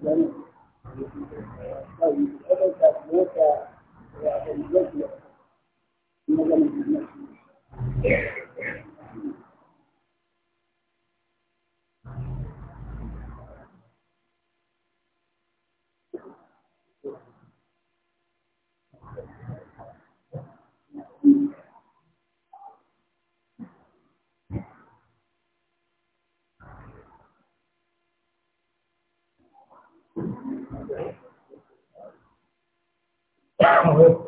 Thank you. Thank you.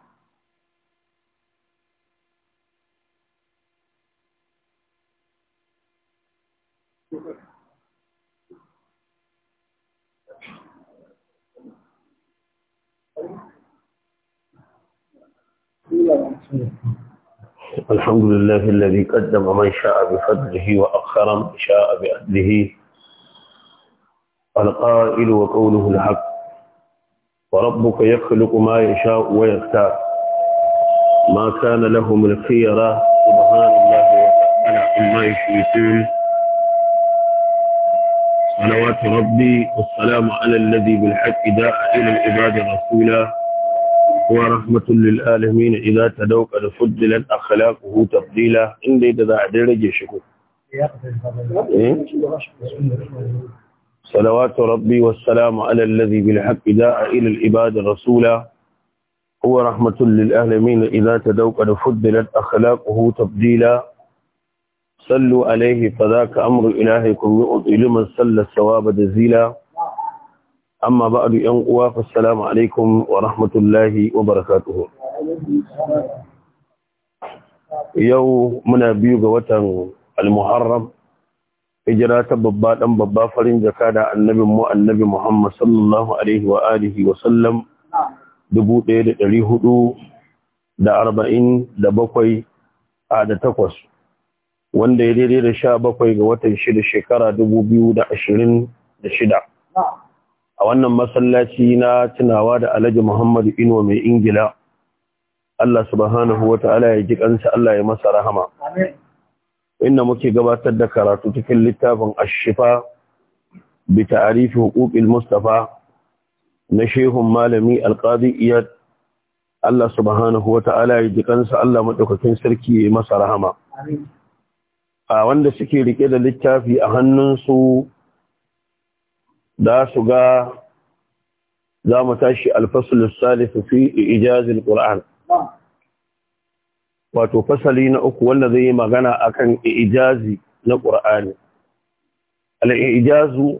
الحمد لله الذي قدم من شاء بفضله وأخر من شاء بأدله القائل وقوله الحق وربك يخلق ما يشاء ويختار ما كان لهم الخيرة سبحان الله وتعالى عما يشركون صلوات ربي والسلام على الذي بالحق داء إلى العباد رسولا ورحمة للآلمين إذا تدوك فضلت أخلاقه تفضيلا إن دي تدع درجة شكو إيه؟ صلوات ربي والسلام على الذي بالحق داء إلى العباد رسولا هو رحمة للآلمين إذا تدوك فضلت أخلاقه تبديلا صلوا عليه فذاك أمر إلهكم يؤتي لمن صلى الثواب جزيلا amma duk yan uwa assalamu alaikum wa rahmatullahi wa barakatuhu yau muna biyu ga watan al-muharram hijira ta babba ɗan babba farin jaka da annabin mu annabi Muhammad sallallahu alaihi wa alihi wa sallam 1447 a da takwas wanda ya daidai da 17 ga watan shida shekara 2026 a wannan masallaci na tunawa da Alhaji Muhammadu Ino mai Ingila Allah subhanahu wata'ala ya ji kansa Allah ya masa rahama inda muke gabatar da karatu cikin littafin Ash-Shifa bi ta'rif huquq mustafa na shehun malami al-Qadi Iyad Allah subhanahu wata'ala ya ji kansa Allah madaukakin sarki ya masa rahama a wanda suke rike da littafi a hannunsu da su ga za mu tashi alfasul salisu fi ijazil qur'an wato fasali na uku wanda zai yi magana akan ijazi na qur'ani Al'ijazu,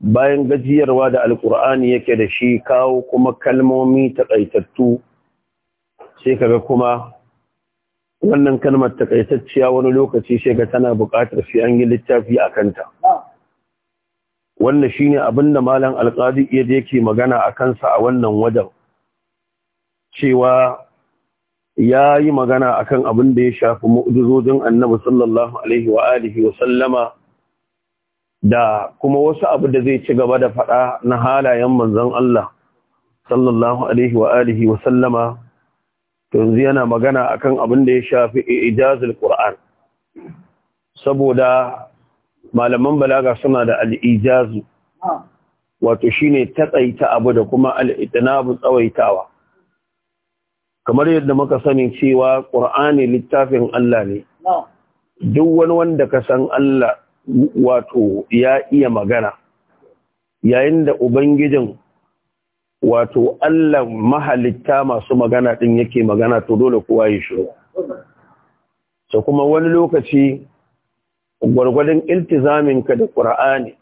bayan gajiyarwa da alqur'ani yake da shi kawo kuma kalmomi taƙaitattu, sai kaga kuma wannan kalmar takaitacciya wani lokaci sai ga tana buƙatar sai an yi littafi a kanta wannan shine abin da malam alqadi yadda yake magana a kansa a wannan wajen cewa ya yi magana akan abin da ya shafi mu'jizojin annabi sallallahu alaihi wa alihi wa sallama da kuma wasu abu da zai ci gaba da faɗa na halayen manzon Allah sallallahu alaihi wa alihi wa sallama to yanzu yana magana akan abin da ya shafi ijazul qur'an saboda malaman balaga suna da al'ijazu wato shine tsaita abu da kuma al'itinabu tsawaitawa kamar yadda muka sani cewa ƙur'ani littafin Allah ne duk wani wanda ka san Allah wato ya iya magana yayin da ubangijin wato Allah mahalitta masu magana ɗin yake magana to dole kowa ya shi so kuma wani lokaci gwargwadon ka da ƙur'ani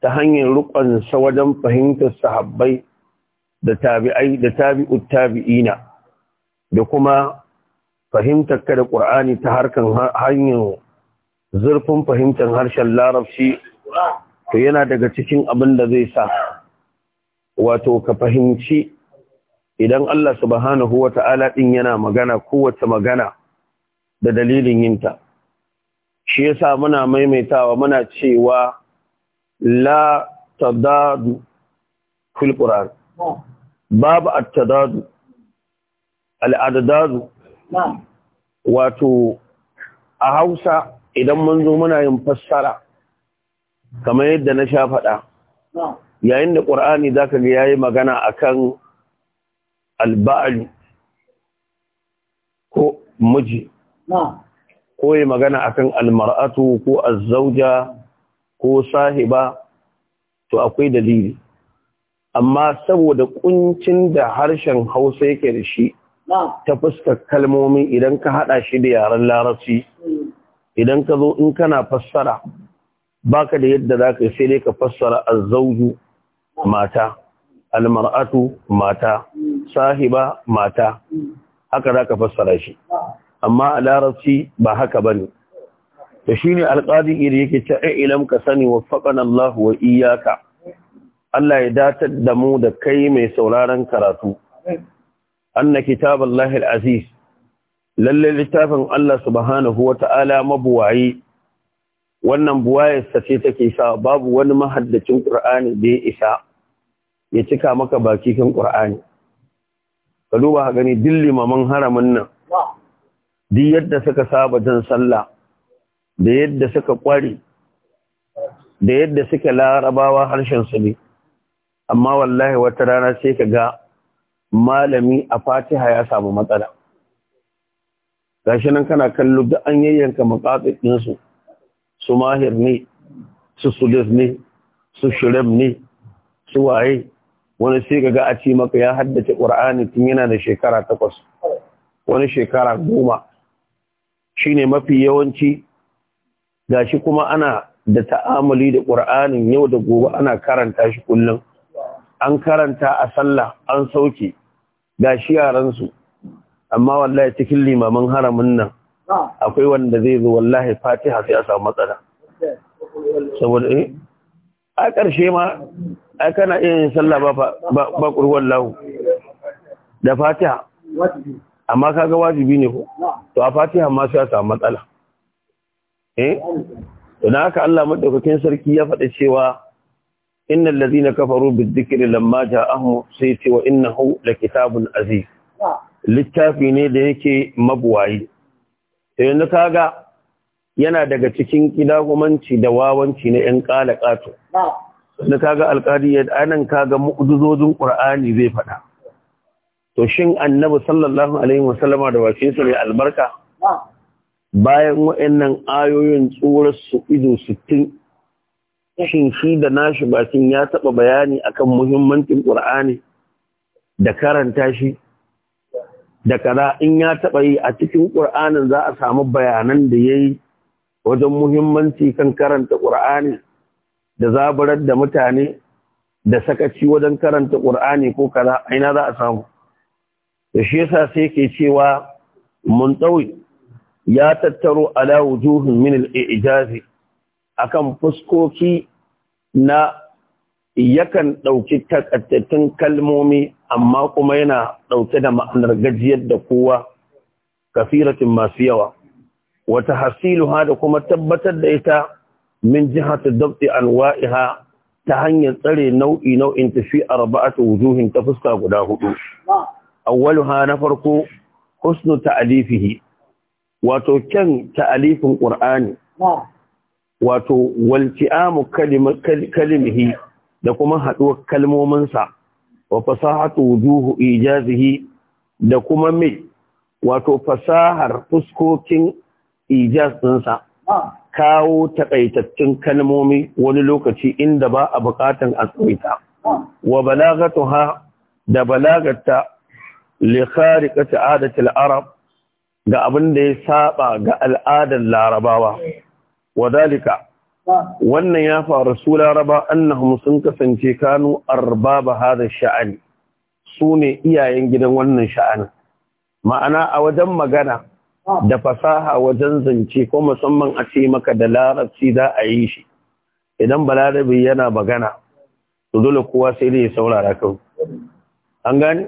ta hanyar rukunsa wajen fahimtar sahabbai da tabi'ai da tabi'ut tabi'ina da kuma fahimtar ka da ƙur'ani ta harkar hanyar zurfin fahimtar harshen larabci to yana daga cikin abin da zai sa wato ka fahimci idan Allah subhanahu wa ta'ala din yana magana kowace magana da dalilin yinta. shi yasa muna maimaitawa muna cewa la tadadu fil qur'an babu at-tadadu al-adadu wato a Hausa idan mun zo muna yin fassara kamar yadda na sha faɗa yayin da ƙur'ani zaka ga yayi magana akan al ko miji ko yi magana kan almar'atu ko azzauja ko sahiba to akwai dalili amma saboda kuncin da harshen Hausa yake da shi ta fuskar kalmomi idan ka hada shi da yaren larabci idan ka zo in kana fassara baka da yadda zaka yi sai dai ka fassara azzauju mata almar'atu mata sahiba mata mm. haka za ka fassara shi amma a larabci ba haka ba ne da shi ne alƙadi iri yake ce a ilam ka sani wa faɗan Allah wa iyaka Allah ya datar da mu da kai mai sauraron karatu anna kitab Allah al’aziz lallai littafin Allah subhanahu wa ta'ala mabuwayi wannan buwayarsa ce take sa babu wani mahaddacin ƙur'ani da ya isa ya cika maka baki kan ka duba gani man haramin nan duk yadda suka saba jan sallah da yadda suka kware da yadda suke larabawa harshen su ne amma wallahi wata rana sai ka ga malami a fatiha ya samu matsala gashi nan kana kallo duk an yayyanka makatsin su su mahir ne su sulis ne su shirab ne su waye wani sai ka ga a ce maka ya haddace ƙur'ani tun yana da shekara takwas wani shekara goma shine mafi yawanci gashi kuma ana da ta'amuli da ƙur'anin yau da gobe ana karanta shi kullum an karanta a sallah an sauke gashi yaransu amma wallahi cikin limaman haramin nan akwai wanda zai zo wallahi fatiha sai a samu matsala saboda eh a ƙarshe ma ai kana iya yin sallah ba ba da fatiha amma kaga wajibi ne ko to a fatiha ma sai ya matsala eh to na haka Allah madaukakin sarki ya faɗa cewa innal ladina kafaru bidhikri lamma ja'ahum sai wa innahu lakitabun aziz littafi ne da yake mabuwayi yanzu kaga yana daga cikin kidagumanci da wawanci na ‘yan ƙala ƙato. Wanda kaga alƙari ya anan kaga mu'ujizojin ƙur'ani zai faɗa. to shin annabi sallallahu alaihi wasallama da wace su ne albarka bayan wa'annan ayoyin tsurar su ido 60 shin shi da nashi bakin ya taba bayani akan muhimmancin Qur'ani da karanta shi da kada in ya taba yi a cikin Qur'anin za a samu bayanan da yayi wajen muhimmanci kan karanta Qur'ani da zaburar da mutane da sakaci wajen karanta Qur'ani ko kaza aina za a samu da shi yasa sai ke cewa mun ya tattaro ala wujuhin min al-ijazi akan fuskoki na yakan ɗauki takaitattun kalmomi amma kuma yana ɗauke da ma'anar gajiyar da kowa kafiratin masu yawa wata hasiluha da kuma tabbatar da ita min jihatu dabti anwa'iha ta hanyar tsare nau'i nau'in tafi arba'atu wujuhin ta fuska guda hudu awwaluha na farko husnu ta'alifihi wato kyan ta'alifin qur'ani wato walti'amu kalimihi da kuma haduwar kalmominsa wa fasahatu wujuhu ijazihi da kuma mai wato fasahar fuskokin ijaz ɗinsa kawo takaitattun kalmomi wani lokaci inda ba a bukatan a wa balagatuha da balagatta li khariqati arab ga abin da ya saba ga al'adar larabawa wadalika wannan ya faru su laraba annahum sun kasance kanu arbaba hada sha'ani su ne iyayen gidan wannan sha'ani ma'ana a wajen magana da fasaha wajen zance ko musamman a ce maka da larabci za a yi shi idan balarabi yana magana to dole kowa sai dai ya saurara kawai an gane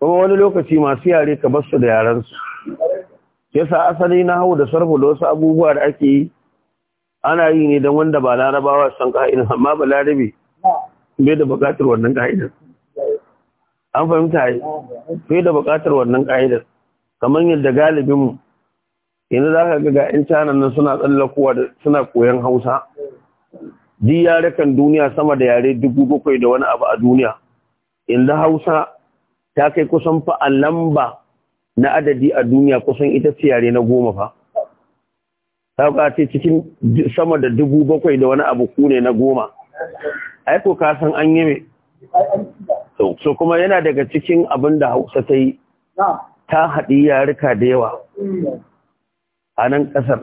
kuma wani lokaci masu yare ka basu da yarensu yasa asali na hau da sarfa da wasu abubuwa da ake yi ana yi ne don wanda ba larabawa san ka'idan amma ba larabe bai da bukatar wannan ka'idar an fahimta yi bai da bukatar wannan ka'idar kamar yadda galibinmu yanzu za ka ga ga 'yan canan nan suna tsallakowa da suna koyan hausa ji kan duniya sama da yare dubu bakwai da wani abu a duniya yanzu hausa ta kai kusan fa a lamba na adadi a duniya kusan ita ce yare na goma fa ta ce cikin sama da dubu bakwai da wani abu kune na goma aiko ka san an yi so kuma yana daga cikin abin da hausa ta yi ta haɗi yarika da yawa a nan ƙasar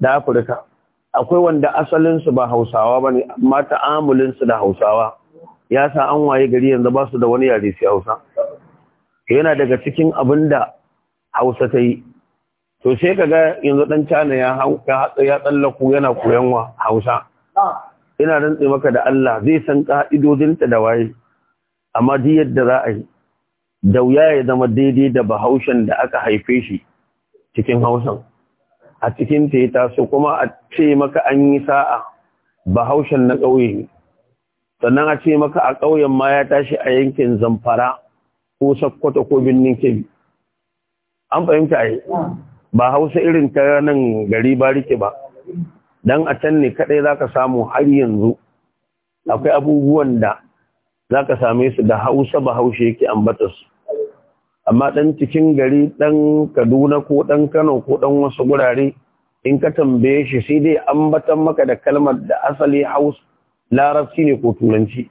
da afirka akwai wanda asalinsu ba hausawa ba ne amma ta'amulinsu da hausawa ya sa an waye gari yanzu ba su da wani yare sai hausa yana daga cikin abin da hausa ta yi to sai ka ga yanzu Dan cana ya hatsa ya tsallaku yana koyon wa hausa ina rantse maka da Allah zai san ƙa'idodinta da waye amma duk yadda za a yi da wuya ya zama daidai da bahaushen da aka haife shi cikin hausan a cikin ta ya taso kuma a ce maka an yi sa'a bahaushen na ƙauye sannan a ce maka a ƙauyen ma ya tashi a yankin zamfara ko Sakkwata ko birnin kebi an fahimta a ba hausa irin ta nan gari ba rike ba don a can ne kaɗai za ka samu har yanzu akwai abubuwan da za ka same su da hausa ba haushe yake su. amma ɗan cikin gari ɗan kaduna ko ɗan kano ko dan wasu gurare in ka tambaye shi sai dai ambatan maka da kalmar da asali hausa larabci ne ko turanci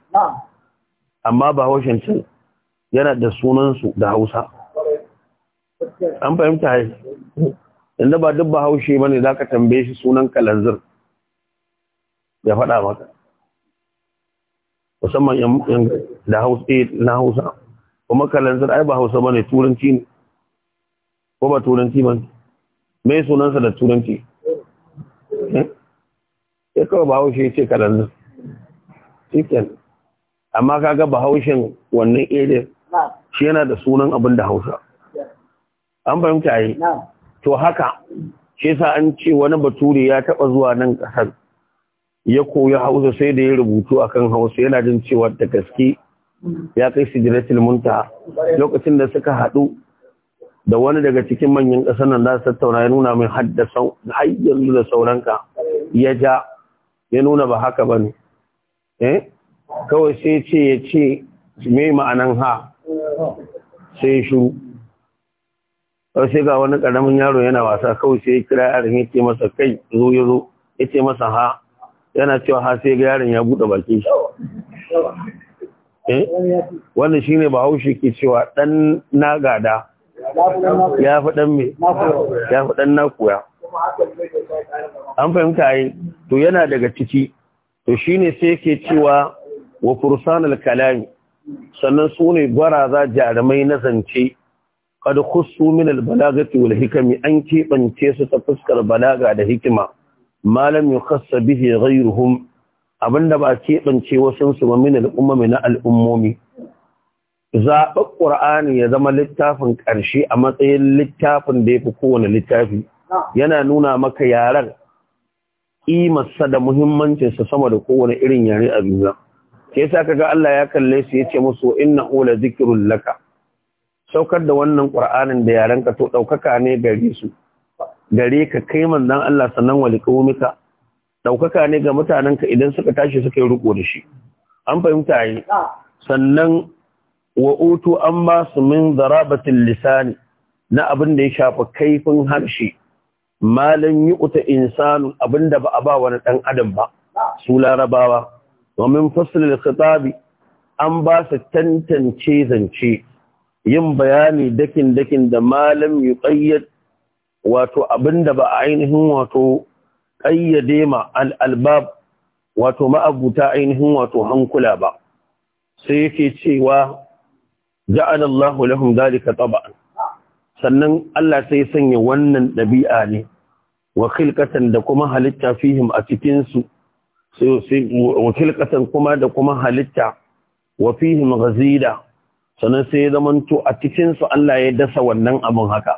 amma ba haushen can yana da sunansu da hausa an fahimta yi inda ba duk ba haushe ba ne za ka tambaye shi sunan kalanzir ya faɗa maka musamman da eh, na hausa kuma kalanzir ai ba hausa ba ne turanci ne ko ba turanci ba Me sunansa da turanci eh? ya kawai ba haushe ce kalanzir cikin amma kaga ba haushen wannan irin shi yana da sunan abin da hausa an fahimta yi to haka shi sa an ce wani bature ya taba zuwa nan kasar ya koyi hausa sai da ya rubutu akan hausa yana jin cewa da gaske ya kai sijiratul muntaha lokacin da suka haɗu da wani daga cikin manyan ƙasar nan za su tattauna ya nuna min haddasa har yanzu da sauranka ya ja ya nuna ba haka ba ne eh? kawai sai ce ya ce me ma'anan ha sai shiru sai ga wani karamin yaro yana wasa kawai sai kira yaron ya ce masa kai zo ya zo ya ce masa ha yana cewa ha sai ga yaron ya buɗe bakin shi eh? wannan shine bahaushe ke cewa dan na gada ya fi dan me ya fi dan na an fahimta yi to yana daga ciki to shine sai ke cewa wa fursanul kalami sannan su ne gwaraza jarumai na zance kada kusu min albalagati wal hikami an keɓance su ta fuskar balaga da hikima malam yukhassa bihi ghayruhum abinda ba keɓance wasu su ba min al'ummami na al'ummomi Zaɓa ƙur'ani ya zama littafin ƙarshe a matsayin littafin da ya fi kowane littafi yana nuna maka yaren ƙimarsa da muhimmancinsa sama da kowane irin yare a duniya ke yasa kaga Allah ya kalle su yace musu innahu la zikrul laka saukar da wannan qur'anin da yaran ka to daukaka ne gare su gare ka kai manzon Allah sannan wa daukaka ne ga mutanen ka idan suka tashi suka yi riko da shi an fahimta yi sannan wa utu an basu su min zarabatil lisani na abin da ya shafa kaifin harshe malan yi uta insanu abin da ba a ba wani dan adam ba su larabawa ومن فصل الخطاب an ba su tantance zance yin bayani dakin-dakin da malam yi ƙayyad wato abinda ba a ainihin wato ƙayyade ma al'albab wato ma'abuta ainihin wato hankula ba sai yake cewa ja'an Allah lahum dalika taba'an sannan Allah sai sanya wannan ɗabi'a ne wa da kuma halitta fihim a cikinsu wakil kasan kuma da kuma halitta wa fihim ghazida sannan sai ya zamanto a cikinsu Allah ya dasa wannan abin haka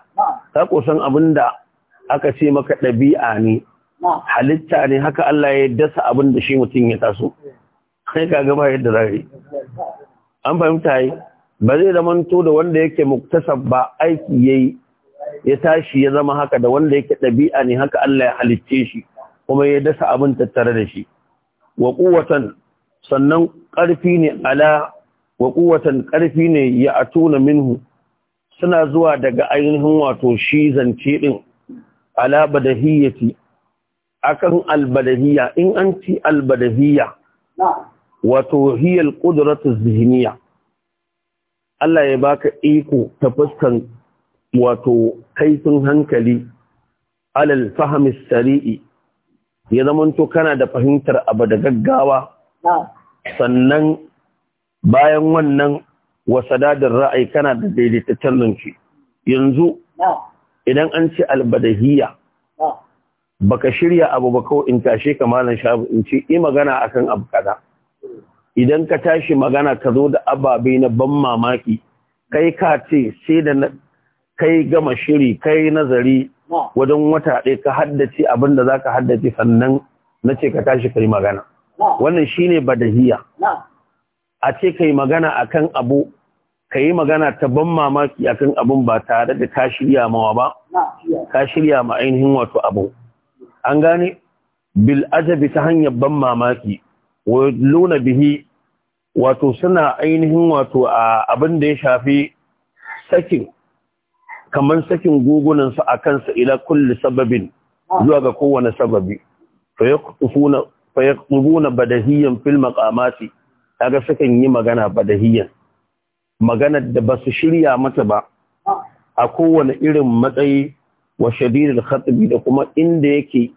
ka abin da aka ce maka ɗabi'a ne halitta ne haka Allah ya dasa abin da shi mutum ya taso kai ka ba yadda zai an fahimta yi ba zai zamanto da wanda yake muktasab ba aiki yayi ya tashi ya zama haka da wanda yake ɗabi'a ne haka Allah ya halicce shi kuma ya dasa abin tattare da shi wa quwwatan sannan ƙarfi ne ala wa ƙuwatan ƙarfi ne ya atuna minhu suna zuwa daga ainihin wato shi zance ɗin ala badahiyati akan albadahiyya in an ci albadahiyya wato hiyal ƙuduratun zihiniya Allah ya baka iko ta fuskan wato kaifin hankali alal fahimis sari'i ya zamanto kana da fahimtar abu da gaggawa sannan bayan wannan wasadadin ra'ayi kana da daidaitaccen lunci yanzu idan an ce albadahiyya baka shirya abu ba ko in tashe ka malam shabu in ce yi magana akan abu kaza idan ka tashi magana ka zo da ababe na ban mamaki kai ka ce sai da kai gama shiri kai nazari wajen wata ɗaya ka haddace abin da za ka haddace sannan na ce ka tashi ka magana wannan shi shine badahiya a ce ka yi magana a kan abu ka yi magana ta ban mamaki a kan abin ba tare da ka shirya mawa ba ka shirya ma ainihin wato abu an gane bil ajabi ta hanyar ban mamaki wa luna bihi wato suna ainihin wato a abin da ya shafi sakin kamar sakin gugunansa a kansa ila kulli sababin zuwa ga kowane sababi fa yaqtubuna badahiyan fil maqamati ga sakin yi magana badahiyan maganar da ba su shirya mata ba a kowane irin matsayi wa shadidul khatbi da kuma inda yake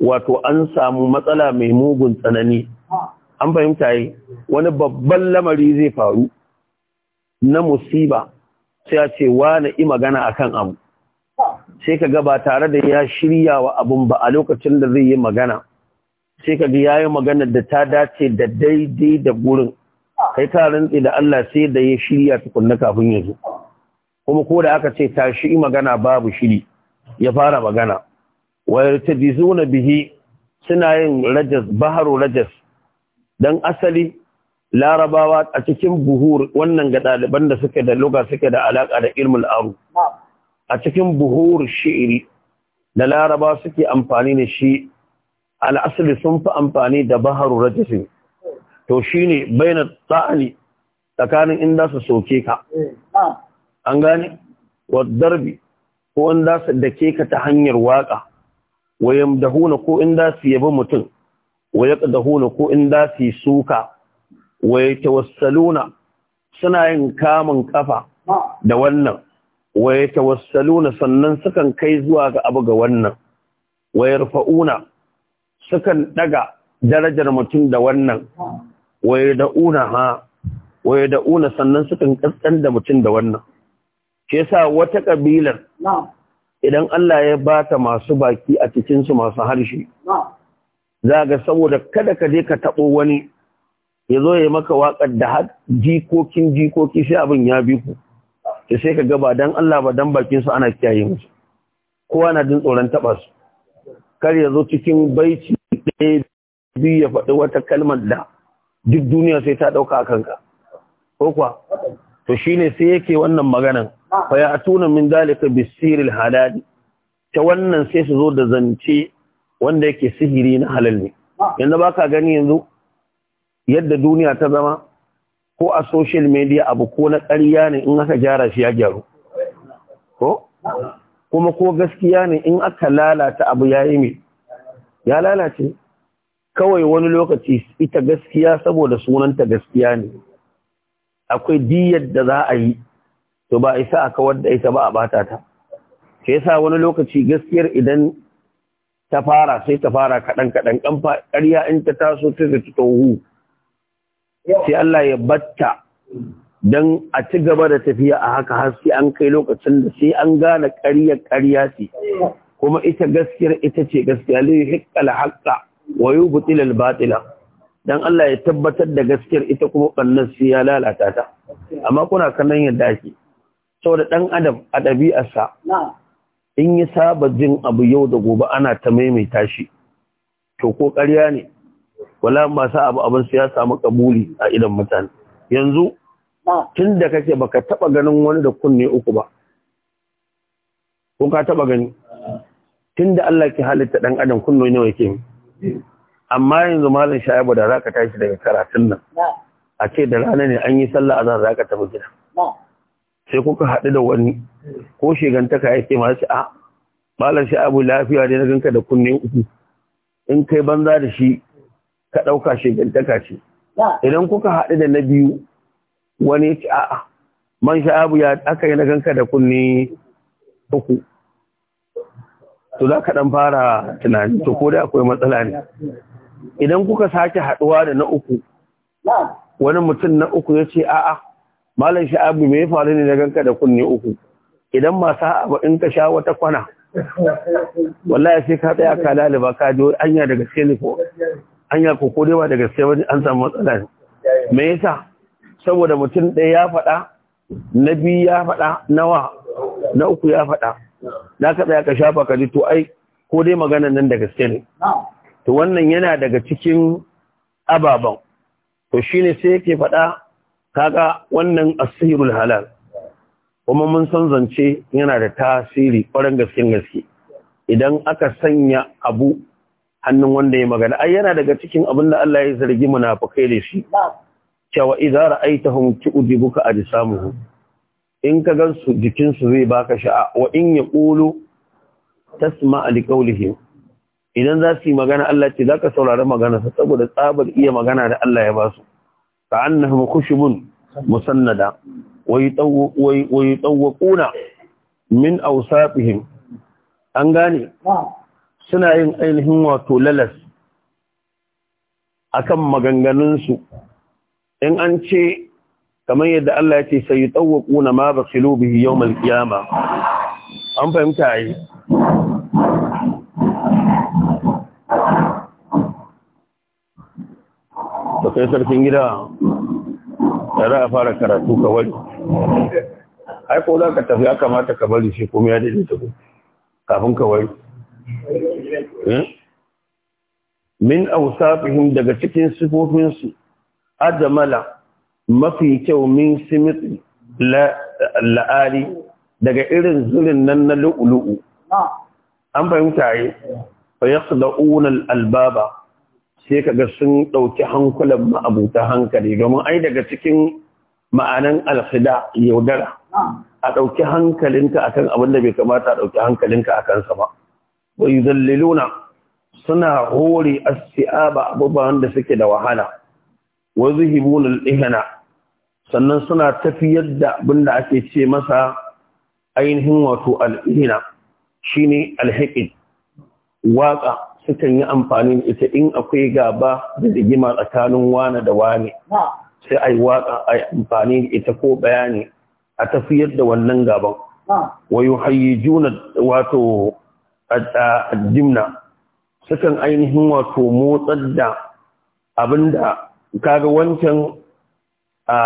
wato an samu matsala mai mugun tsanani an fahimta yi wani babban lamari zai faru na musiba sai ya ce na yi magana akan abu sai ka gaba tare da ya shirya wa abun ba a lokacin da zai yi magana sai ka ga yayi magana da ta dace da daidai da gurin kai ka rantsi da Allah sai da ya shirya tukunna kafin ya zo kuma ko da aka ce tashi magana babu shiri ya fara magana wayar ta bihi suna yin rajas Baharo rajas don asali larabawa a cikin buhur wannan ga ɗaliban da suke da luga suke da alaƙa da ilmul aru a cikin buhur shi'iri da larabawa suke amfani da shi al'asali sun fi amfani da baharu rajisi to shi ne bayan tsa'ani tsakanin inda su soke ka eh, an gane darbi ko inda su dake ka ta hanyar waƙa wayan dahuna ko inda su yabi mutum waya dahuna ko inda su suka wa tawassaluna suna yin kamun kafa da wannan wa tawassaluna sannan sukan kai zuwa ga abu ga wannan wa rufa'una sukan daga darajar mutum da wannan wa da'una ha wa da'una sannan sukan kaskan da mutum da wannan Ke sa wata kabilar idan Allah ya bata masu baki a cikinsu masu harshe za ga saboda kada ka je ka taɓo wani ya zo ya maka waƙar da har jikokin jikoki sai abin ya bi ku ta sai ka gaba don Allah ba don bakin su ana kiyaye musu kowa na jin tsoron taɓa su kar ya zo cikin baici ɗaya biyu ya faɗi wata kalmar da duk duniya sai ta ɗauka a kanka ko kuwa to shi ne sai yake wannan maganan fa ya atuna min dalika bisiril halali ta wannan sai su zo da zance wanda yake sihiri na halal ne yanzu baka gani yanzu yadda duniya ta zama ko a social media abu ko na ƙarya ne in aka gyara shi ya gyaru ko kuma ko gaskiya ne in aka lalata abu ya yi mai ya lalace kawai wani lokaci ita gaskiya saboda sunanta gaskiya ne akwai diyar da za a yi to ba isa a kawar da ita ba a bata ta ke sa wani lokaci gaskiyar idan ta fara sai ta fara kaɗan kaɗan ƙarya in ta taso ta ta tohu sai Allah ya batta don a ci gaba da tafiya a haka har an kai lokacin da sai an gane ƙarya ƙarya ce kuma ita gaskiyar ita ce gaskiya lai hikkal haƙa wa yi al batila Don Allah ya tabbatar da gaskiyar ita kuma ƙannan sai ya lalata ta amma kuna kallon yadda ake saboda ɗan adam a ɗabi'arsa in ya saba jin abu yau da gobe ana ta maimaita shi to ko ƙarya ne wala ba sa abu abin su ya samu kabuli a idan mutane yanzu ah. tun da kake baka taba ganin wani da kunne uku ba ko ka taba gani tun da Allah ke halitta dan adam kunno nawa yake amma yanzu malam shayabu da zaka tashi daga karatun nan ah. a ce da rana ne an yi sallah azan zaka tafi gida ah. sai kuka haɗu da wani ko shigantaka yake ma sai a malam shayabu lafiya ne na ganka da kunne uku in kai banza da shi ka ɗauka shi, shigantaka ce idan kuka haɗu da na biyu wani ci a'a man sha'abu ya aka yi na ganka da kunni uku to za ka ɗan fara tunani to ko da akwai matsala ne idan kuka sake haɗuwa da na uku wani mutum na uku ya ce a'a malam sha'abu me ya faru ne na ganka da kunni uku idan masu abu in ka sha wata kwana wallahi sai ka tsaya ka laliba ka ji anya daga telefon An ko ko dai ba da gaske ba an samu matsala ne. me yasa saboda mutum ɗaya ya faɗa na biyu ya faɗa nawa na uku ya faɗa na ka tsaya ka shafa ka ji to ai ko dai magana nan da gaske ne to wannan yana daga cikin ababen to shine sai yake faɗa kaga wannan asirul halal kuma mun san zance yana da tasiri ƙwarar gaske gaske idan aka sanya abu hannun wanda ya magana ai yana daga cikin abin da Allah ya zargi munafikai da shi cewa idza ra'aytahum tu'dibuka ajsamuhum in ka gan su jikin su zai baka sha'a wa in yaqulu tasma' liqawlihim idan za su yi magana Allah ce zaka saurari magana sa saboda tsabar iya magana da Allah ya ba su ka annahum khushubun musannada wa yutawwaquna min awsatihim an gane suna yin ainihin wato lalas akan maganganunsu in an ce kamar yadda Allah ya ce sai na ma basilu bihi yau malkiyama an fahimta yi ta kai sarkin gida tare a fara karatu kawai wani. za ka tafi ya kamata ka bari shi kuma ya daidaita kafin kawai Hmm? min awsafihim daga cikin sifofin su mafi kyau min simit la'ari daga irin zurin nan na lu'ulu'u an fahimta yi fa yaqda'una al-albaba sai kaga sun dauki hankulan ma'abuta hankali domin ai daga cikin ma'anan alfida yaudara a ɗauki hankalinka akan abin da bai kamata a ɗauki hankalinka a kansa ba Wai yudalliluna suna hore as-si'aba abubuwan da suke da wahala wa zuhibuna al sannan suna tafiyar da abin da ake ce masa ainihin wato alihina Shi shine al waƙa sukan yi amfani da ita in akwai gaba da rigima tsakanin wane da wane sai a yi waƙa a yi amfani da ita ko bayani a tafiyar da wannan gaban wayo hayi juna wato addimna sukan ainihin wato motsar da abinda kaga wancan a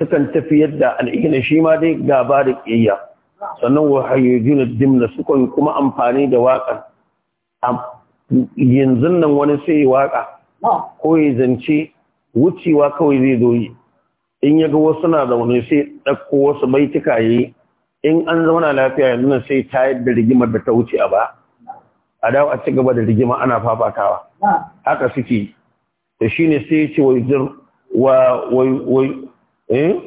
sukan tafiyar da al'ihina shi ma dai gaba da ƙiyya sannan wa hayyujun dimna sukan kuma amfani da waƙa yanzu nan wani sai ya waƙa ko ya zance wucewa kawai zai zo yi in yaga wasu na zaune sai ɗauko wasu baituka yi in an zauna lafiya yanzu nan sai tayar da rigimar da ta wuce a ba a dawo a ci gaba da rigima ana fafatawa haka suke da shi ne sai ce eh?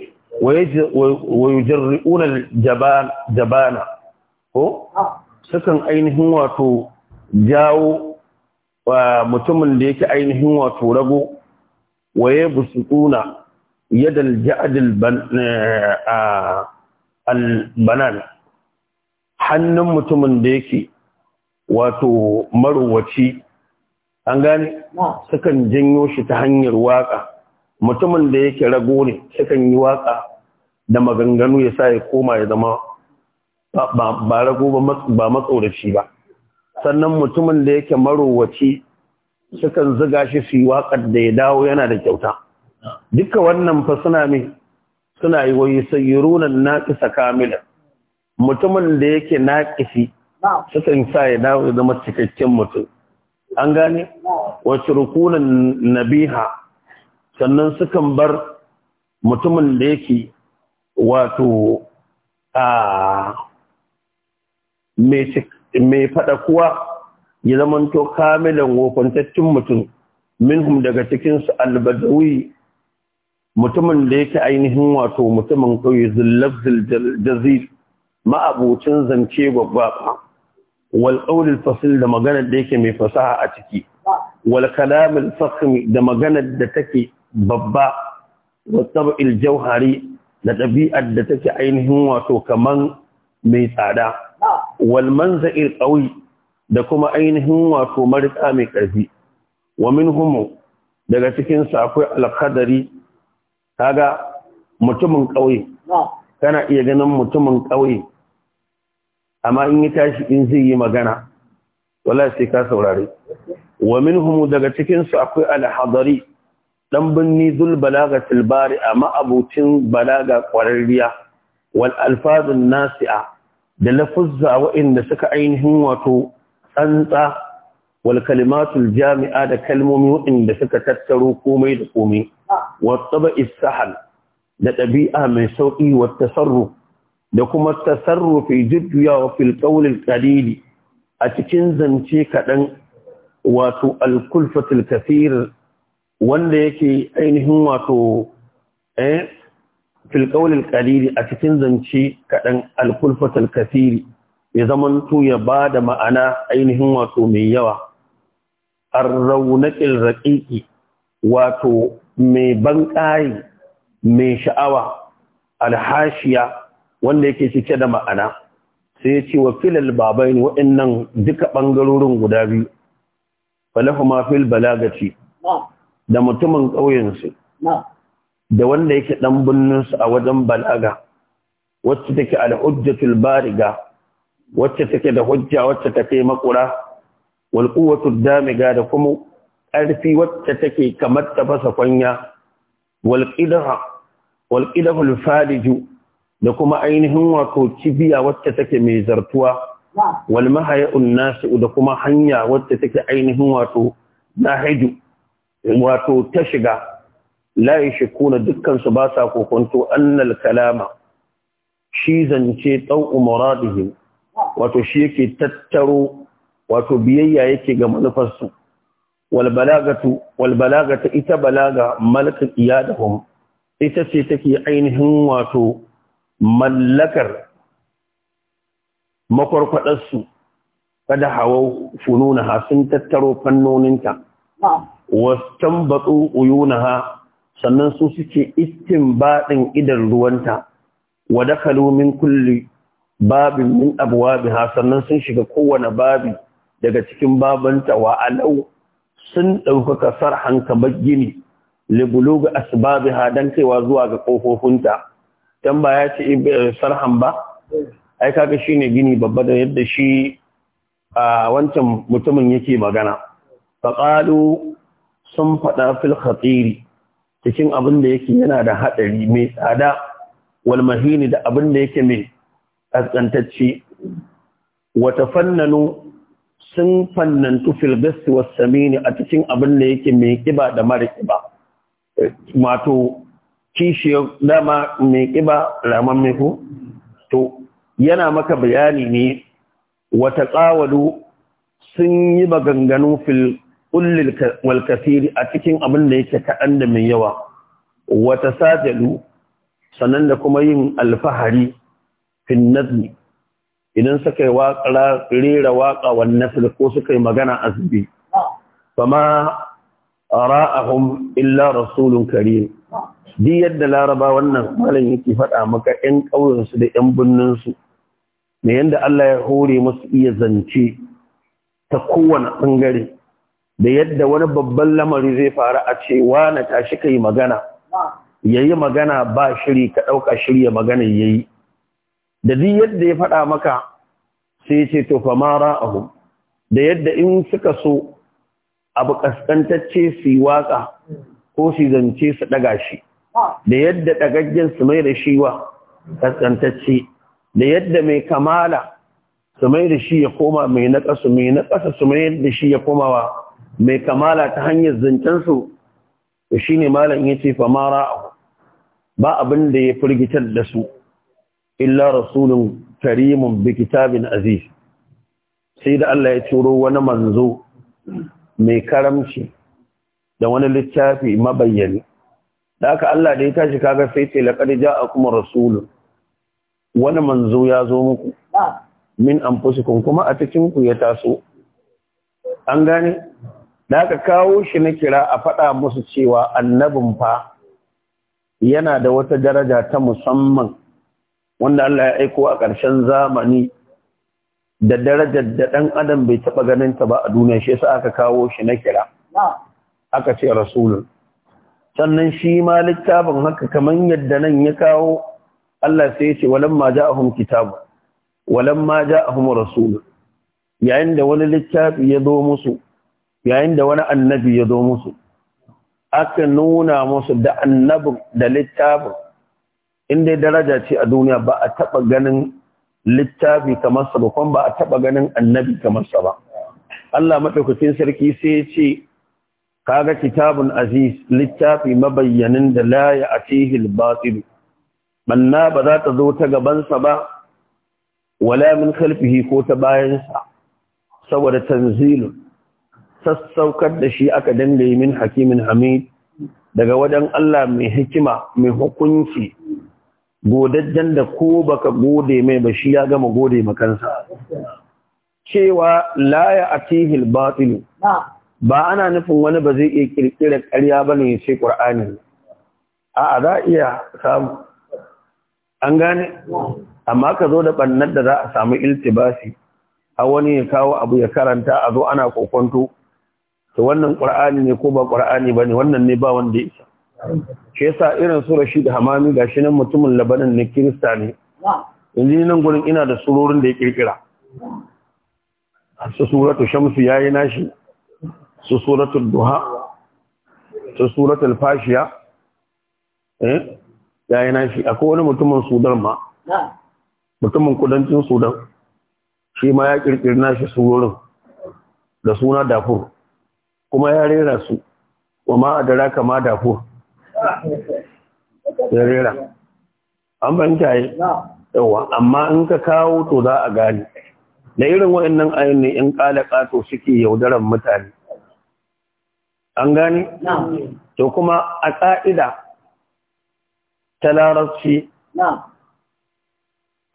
ri'unar jabana ko sukan ainihin wato jawo mutumin da yake ainihin wato rago waye yadal yadda ja'adil eh, a albanan hannun mutumin da yake wato maruwaci an gane sukan janyo shi ta hanyar waka mutumin da yake rago ne sukan yi waka da maganganu ya sa ya koma ya zama ba rago ba matsoraci ba sannan mutumin da yake marowaci sukan zuga shi su yi waƙar da ya dawo yana da kyauta duka wannan fa suna mai suna yi wa yusayyiruna naqisa kamilan mutumin da yake naqisi sukan sa ya dawo zama cikakken mutum an gane wacce rukunan nabiha sannan sukan bar mutumin da yake wato a mai faɗa kuwa ya zamanto kamilan wofantaccen mutum minhum daga cikinsu albadawi mutumin da yake ainihin wato mutumin kauye zullabzul jazir ma'abucin zance babba. wal qawl fasil da maganar da yake mai fasaha a ciki wal kalam al da maganar da take babba wa tab'il jawhari da ɗabi'ar da take ainihin wato kaman mai tsada wal manza'il qawi da kuma ainihin wato marika mai ƙarfi wa minhum daga cikin sa akwai al kaga mutumin ƙauye kana iya ganin mutumin ƙauye amma in ya tashi in zai yi magana wala sai ka saurare wa minhum daga cikin su akwai al-hadari dan binni zul balagatil bari amma abucin balaga kwararriya wal alfazun nasi'a da lafuzza wa'inda suka ainihin wato tsantsa wal kalimatul jami'a da kalmomi wa'inda suka tattaro komai da komai wa taba'i sahal da ɗabi'a mai sauƙi wa tasarruf da kuma tasarrufi jujjuyawa fil qawlil qalili a cikin zance kaɗan wato alkulfatul kathir wanda yake ainihin wato eh fil a cikin zance kaɗan alkulfatul ya zamanto ya bada ma'ana ainihin wato mai yawa ar-rawnaqil raqiqi wato mai ban ƙari mai sha'awa alhashiya wanda yake cike da ma'ana sai ya ce wa filal babai ne waɗannan duka ɓangarorin guda biyu ma fil balagaci da mutumin ƙauyensu da wanda yake ɗan birninsu a wajen balaga wacce take alhujjatul bariga wacce take da hujja wacce take makura wal quwwatud damiga da kuma ƙarfi wacce take kamar ta fasa kwanya walƙidahul faliju da kuma ainihin wato kibiya wacce take mai zartuwa wal mahaya'un nasu da kuma hanya wacce take ainihin wato nahiju wato ta shiga la yashkuna dukkan su ba sa kokonto annal kalama shi zance tau muradihim wato shi yake tattaro wato biyayya yake ga manufarsu walbalagatu ita balaga malaka iyadahum ita ce take ainihin wato mallakar makwarkwadarsu kada hawa ha sun tattaro fannoninta wastan batsu uyunaha sannan su suke baɗin idan ruwanta wada dakalu min kulli babin min abwabiha sannan sun shiga kowane babi daga cikin babanta wa alau sun ɗaukaka sarhan kamar gini libulu, ga hadan kaiwa zuwa ga ƙofofinta Don ba ya ce sarhan ba ai kaga ne gini babba da yadda shi a wancan mutumin yake magana faƙalu sun faɗa fil khatiri cikin abin da yake yana da haɗari mai tsada wal da abin da yake mai kaskantacce wata fannanu sun fannantu filbis wasamini a cikin abin da yake mai kiba da mara kiba mato kishiyar dama mai kiba raman mai ku to yana maka bayani ne wata tsawadu sun yi maganganu fil kullil wal kasiri a cikin abin da yake kaɗan da mai yawa wata sajalu sannan da kuma yin alfahari fin nazmi idan suka yi rera waƙa wannan su ko suka yi magana azbi ma ra'ahum illa rasulun karim di yadda laraba wannan malam yake faɗa maka 'yan ƙauyen da 'yan binnin su me yanda Allah ya hore musu iya zance ta kowane bangare da yadda wani babban lamari zai faru a ce na tashi kai magana yayi magana ba shiri ka ɗauka shirya magana yayi da duk yadda ya faɗa maka sai ce to fa mara ahu da yadda in suka so abu kaskantacce su yi waka ko su zance su ɗaga shi da yadda ɗagaggen su mai da shi wa kaskantacce da yadda mai kamala su mai da shi ya koma mai na ƙasa mai na ƙasa su mai da shi ya koma wa mai kamala ta hanyar zancen su to shine malam ya ce fa mara ahu ba abin da ya furgitar da su illa rasulun karimun Bikitabin kitabin aziz sai da Allah ya turo wani manzo mai karamci da wani littafi mabayyani da aka Allah da ya tashi kaga sai ce laqad kuma rasulun wani manzo ya zo muku min anfusikum kuma a cikin ku ya taso an gane da aka kawo shi na kira a faɗa musu cewa annabin fa yana da wata daraja ta musamman wanda Allah ya aiko a ƙarshen zamani da darajar da ɗan adam bai taɓa ganin ta ba a duniya shi yasa aka kawo shi na kira aka ce rasulun sannan shi ma littafin haka kamar yadda nan ya kawo Allah sai ya ce ja ahum kitabu ja ahum rasulun yayin da wani littafi ya zo musu yayin da wani annabi ya zo musu aka nuna musu da annabin da littafin in dai daraja ce a duniya ba a taba ganin littafi kamar sa ba kuma ba a taba ganin annabi kamar sa ba Allah madaukakin sarki sai ya ce kaga kitabun aziz littafi mabayyanin da la ya atihi al-batil manna ba za ta zo ta gaban sa ba wala min khalfihi ko ta bayan sa saboda tanzilun sassaukar da shi aka dangaye min hakimin hamid daga wajen Allah mai hikima mai hukunci godajjen da ko baka gode mai ba shi ya gama gode makansa cewa laya a tihil batilu ba ana nufin wani ba zai iya kirkirar ƙarya ba ne sai a a'a za a iya samu an gane amma ka zo da ɓannar da za a samu iltibasi a wani ya kawo abu ya karanta a zo ana kokonto to wannan ƙur'ani ne ko ba ƙur'ani ba ne wannan ne ba wanda ya isa Ke sa irin su Rashid Hamami gashi nan mutumin labanin na Kirista ne yanzu nan gurin ina da surorin da ya kirkira su suratu shamsu yayi nashi su suratu duha su suratu fashiya eh yayi nashi akwai wani mutumin Sudan ma mutumin kudancin Sudan shi ma ya kirkiri nashi surorin da suna dafur kuma ya rera su wa ma adraka ma dafur ya rera an fahimta yi yawa amma in ka kawo to za a gani da irin wa'annan ayin ne in ƙala ƙato suke yaudaran mutane an gane to kuma a ƙa'ida ta larabci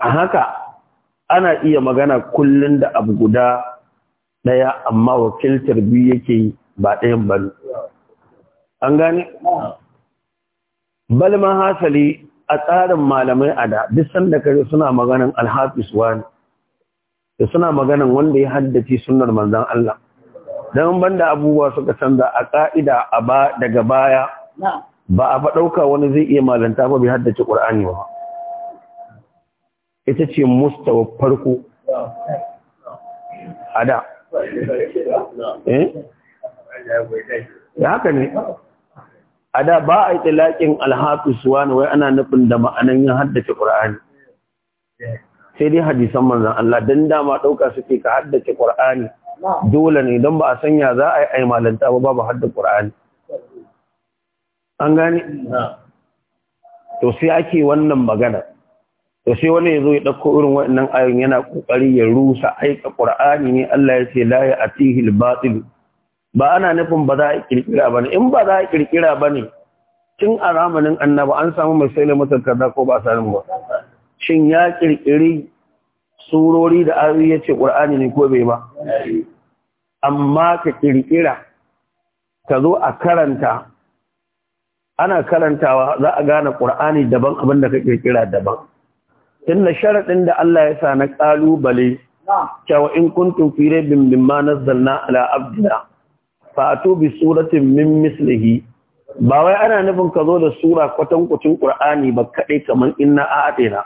a haka ana iya magana kullum da abu guda ɗaya amma wakiltar biyu yake ba ɗayan ba an gane bal ma hasali a tsarin malamai a da duk sanda kare suna maganan alhafis wani da suna maganan wanda ya haddace sunnar manzon Allah dan banda abubuwa suka canza a ƙa'ida a ba daga baya ba a faɗauka wani zai iya malanta ba bai haddace Qur'ani ba ita ce mustawa farko a da eh haka ne a da ba a itilaƙin alhafiz wani wai ana nufin da ma'anan yin haddace qur'ani. sai dai hadisan manzan Allah don dama ɗauka suke ka haddace ƙur'ani dole ne don ba a sanya za a yi aimalanta ba babu hadda ƙur'ani an gane to sai ake wannan magana to sai wani zo ya dauko irin wannan ayoyin yana kokari ya rusa aika qur'ani ne Allah ya ce la ya atihil batil ba ana nufin ba za a kirkira ba ne in ba za a kirkira ba ne tun a zamanin annaba an samu mai sai lamutar kaza ko ba sanin ba shin ya kirkiri surori da ayoyi ya ce ƙur'ani ne ko bai ba amma ka kirkira ka zo a karanta ana karantawa za a gane ƙur'ani daban abin da ka kirkira daban tun da sharaɗin da Allah ya sa na ƙalubale cewa in kuntum fi raibin na nazzalna ala abdina fa'atu bi suratin min mislihi ba wai ana nufin ka zo da sura kwatan kucin qur'ani ba kadai kaman inna a'atina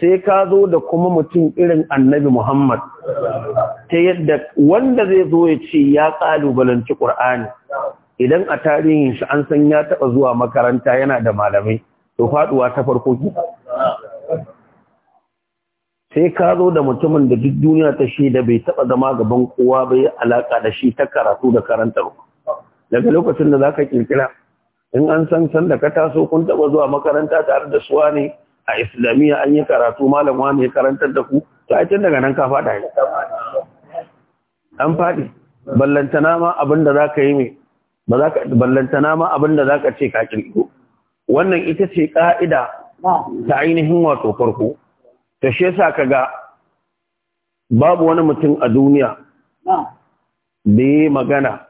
sai ka zo da kuma mutum irin annabi Muhammad ta yadda wanda zai zo ya ce ya ƙalubalanci ƙur'ani idan a tarihin shi an san ya taɓa zuwa makaranta yana da malamai to faɗuwa ta farko ki sai ka zo da mutumin da duk duniya ta shi da bai taɓa zama gaban kowa bai alaƙa da shi ta karatu da karantar daga lokacin da za ka ƙirƙira in an san san da ka taso kun taɓa zuwa makaranta tare da suwa ne a islamiyya an yi karatu malam wani ya karantar da ku to a tun daga nan ka faɗa ne an faɗi ballantana ma abin da za ka yi mai ba za ka ballantana ma abin da za ka ce ka ƙirƙiro wannan ita ce ƙa'ida ta ainihin wato farko ta shi yasa ga babu wani mutum a duniya da yi magana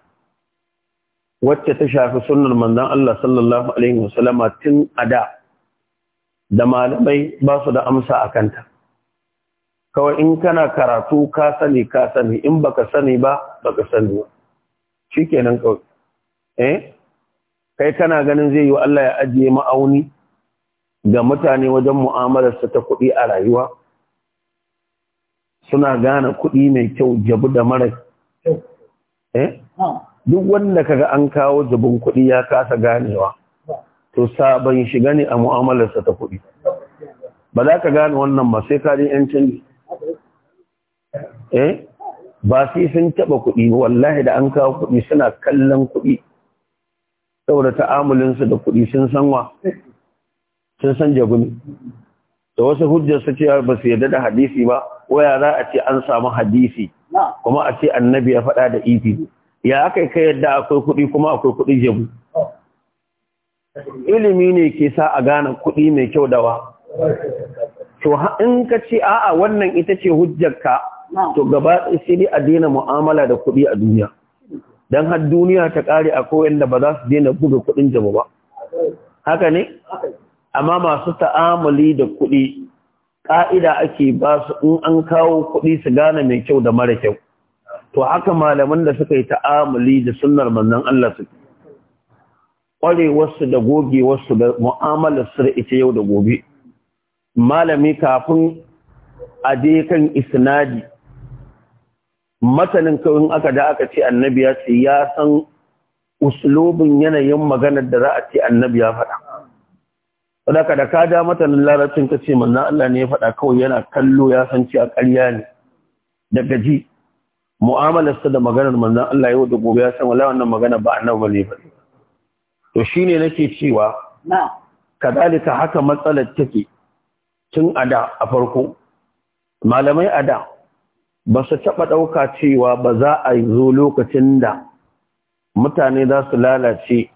wacce ta shafi sunan manzan Allah sallallahu alaihi wasallama tun a da da malamai ba su da amsa a kanta kawai in kana karatu ka sani ka sani in baka sani ba baka sani ba shikenan kawai eh kai kana ganin zai yi wa Allah ya ajiye ma'auni ga mutane wajen mu'amalarsa ta kuɗi a rayuwa suna gane kuɗi mai kyau jabu da mara eh? ah. duk wanda kaga an kawo jabin kuɗi ya kasa ganewa to sabon shiga ne a mu'amalarsa ta kuɗi ba za ka gane wannan ba sai kaji yan canji eh ba sai sun taɓa kuɗi wallahi da an kawo kuɗi suna kallon kuɗi saboda ta'amulinsu da kuɗi sun sanwa sun san jagumi da wasu hujjar su cewa ba su yarda da hadisi ba waya za a ce an samu hadisi kuma a ce annabi ya faɗa da ifi ya aka kai yadda akwai kuɗi kuma akwai kuɗi jabu ilimi ne ke sa a gane kuɗi mai kyau dawa to in ka ce a'a wannan ita ce hujjarka to gaba sai dai a daina mu'amala da kuɗi a duniya don har duniya ta ƙare a koyan da ba za su daina buga kuɗin jabu ba haka ne amma masu ta'amali da kuɗi ƙa'ida ake ba su in an kawo kuɗi su gane mai kyau da mara kyau to haka malaman da suka yi ta'amali da sunnar manzon Allah su ƙwarewarsu da gogewarsu da mu'amalar su ita yau da gobe malami kafin a je kan isnadi matanin kawai aka da aka ce annabi ya ya san uslubin yanayin maganar da za a ce annabi ya faɗa Sadaka da ka ja mata larabcin ka ce manna Allah ne ya faɗa kawai yana kallo ya san a ƙarya ne. Da gaji, mu'amalarsa da maganar manzan Allah yau da gobe ya san wala wannan magana ba nawa ne ba. To shi shine nake cewa zalika haka matsalar take tun ada a farko malamai ada ba su taɓa ɗauka cewa ba za a zo lokacin da mutane za su lalace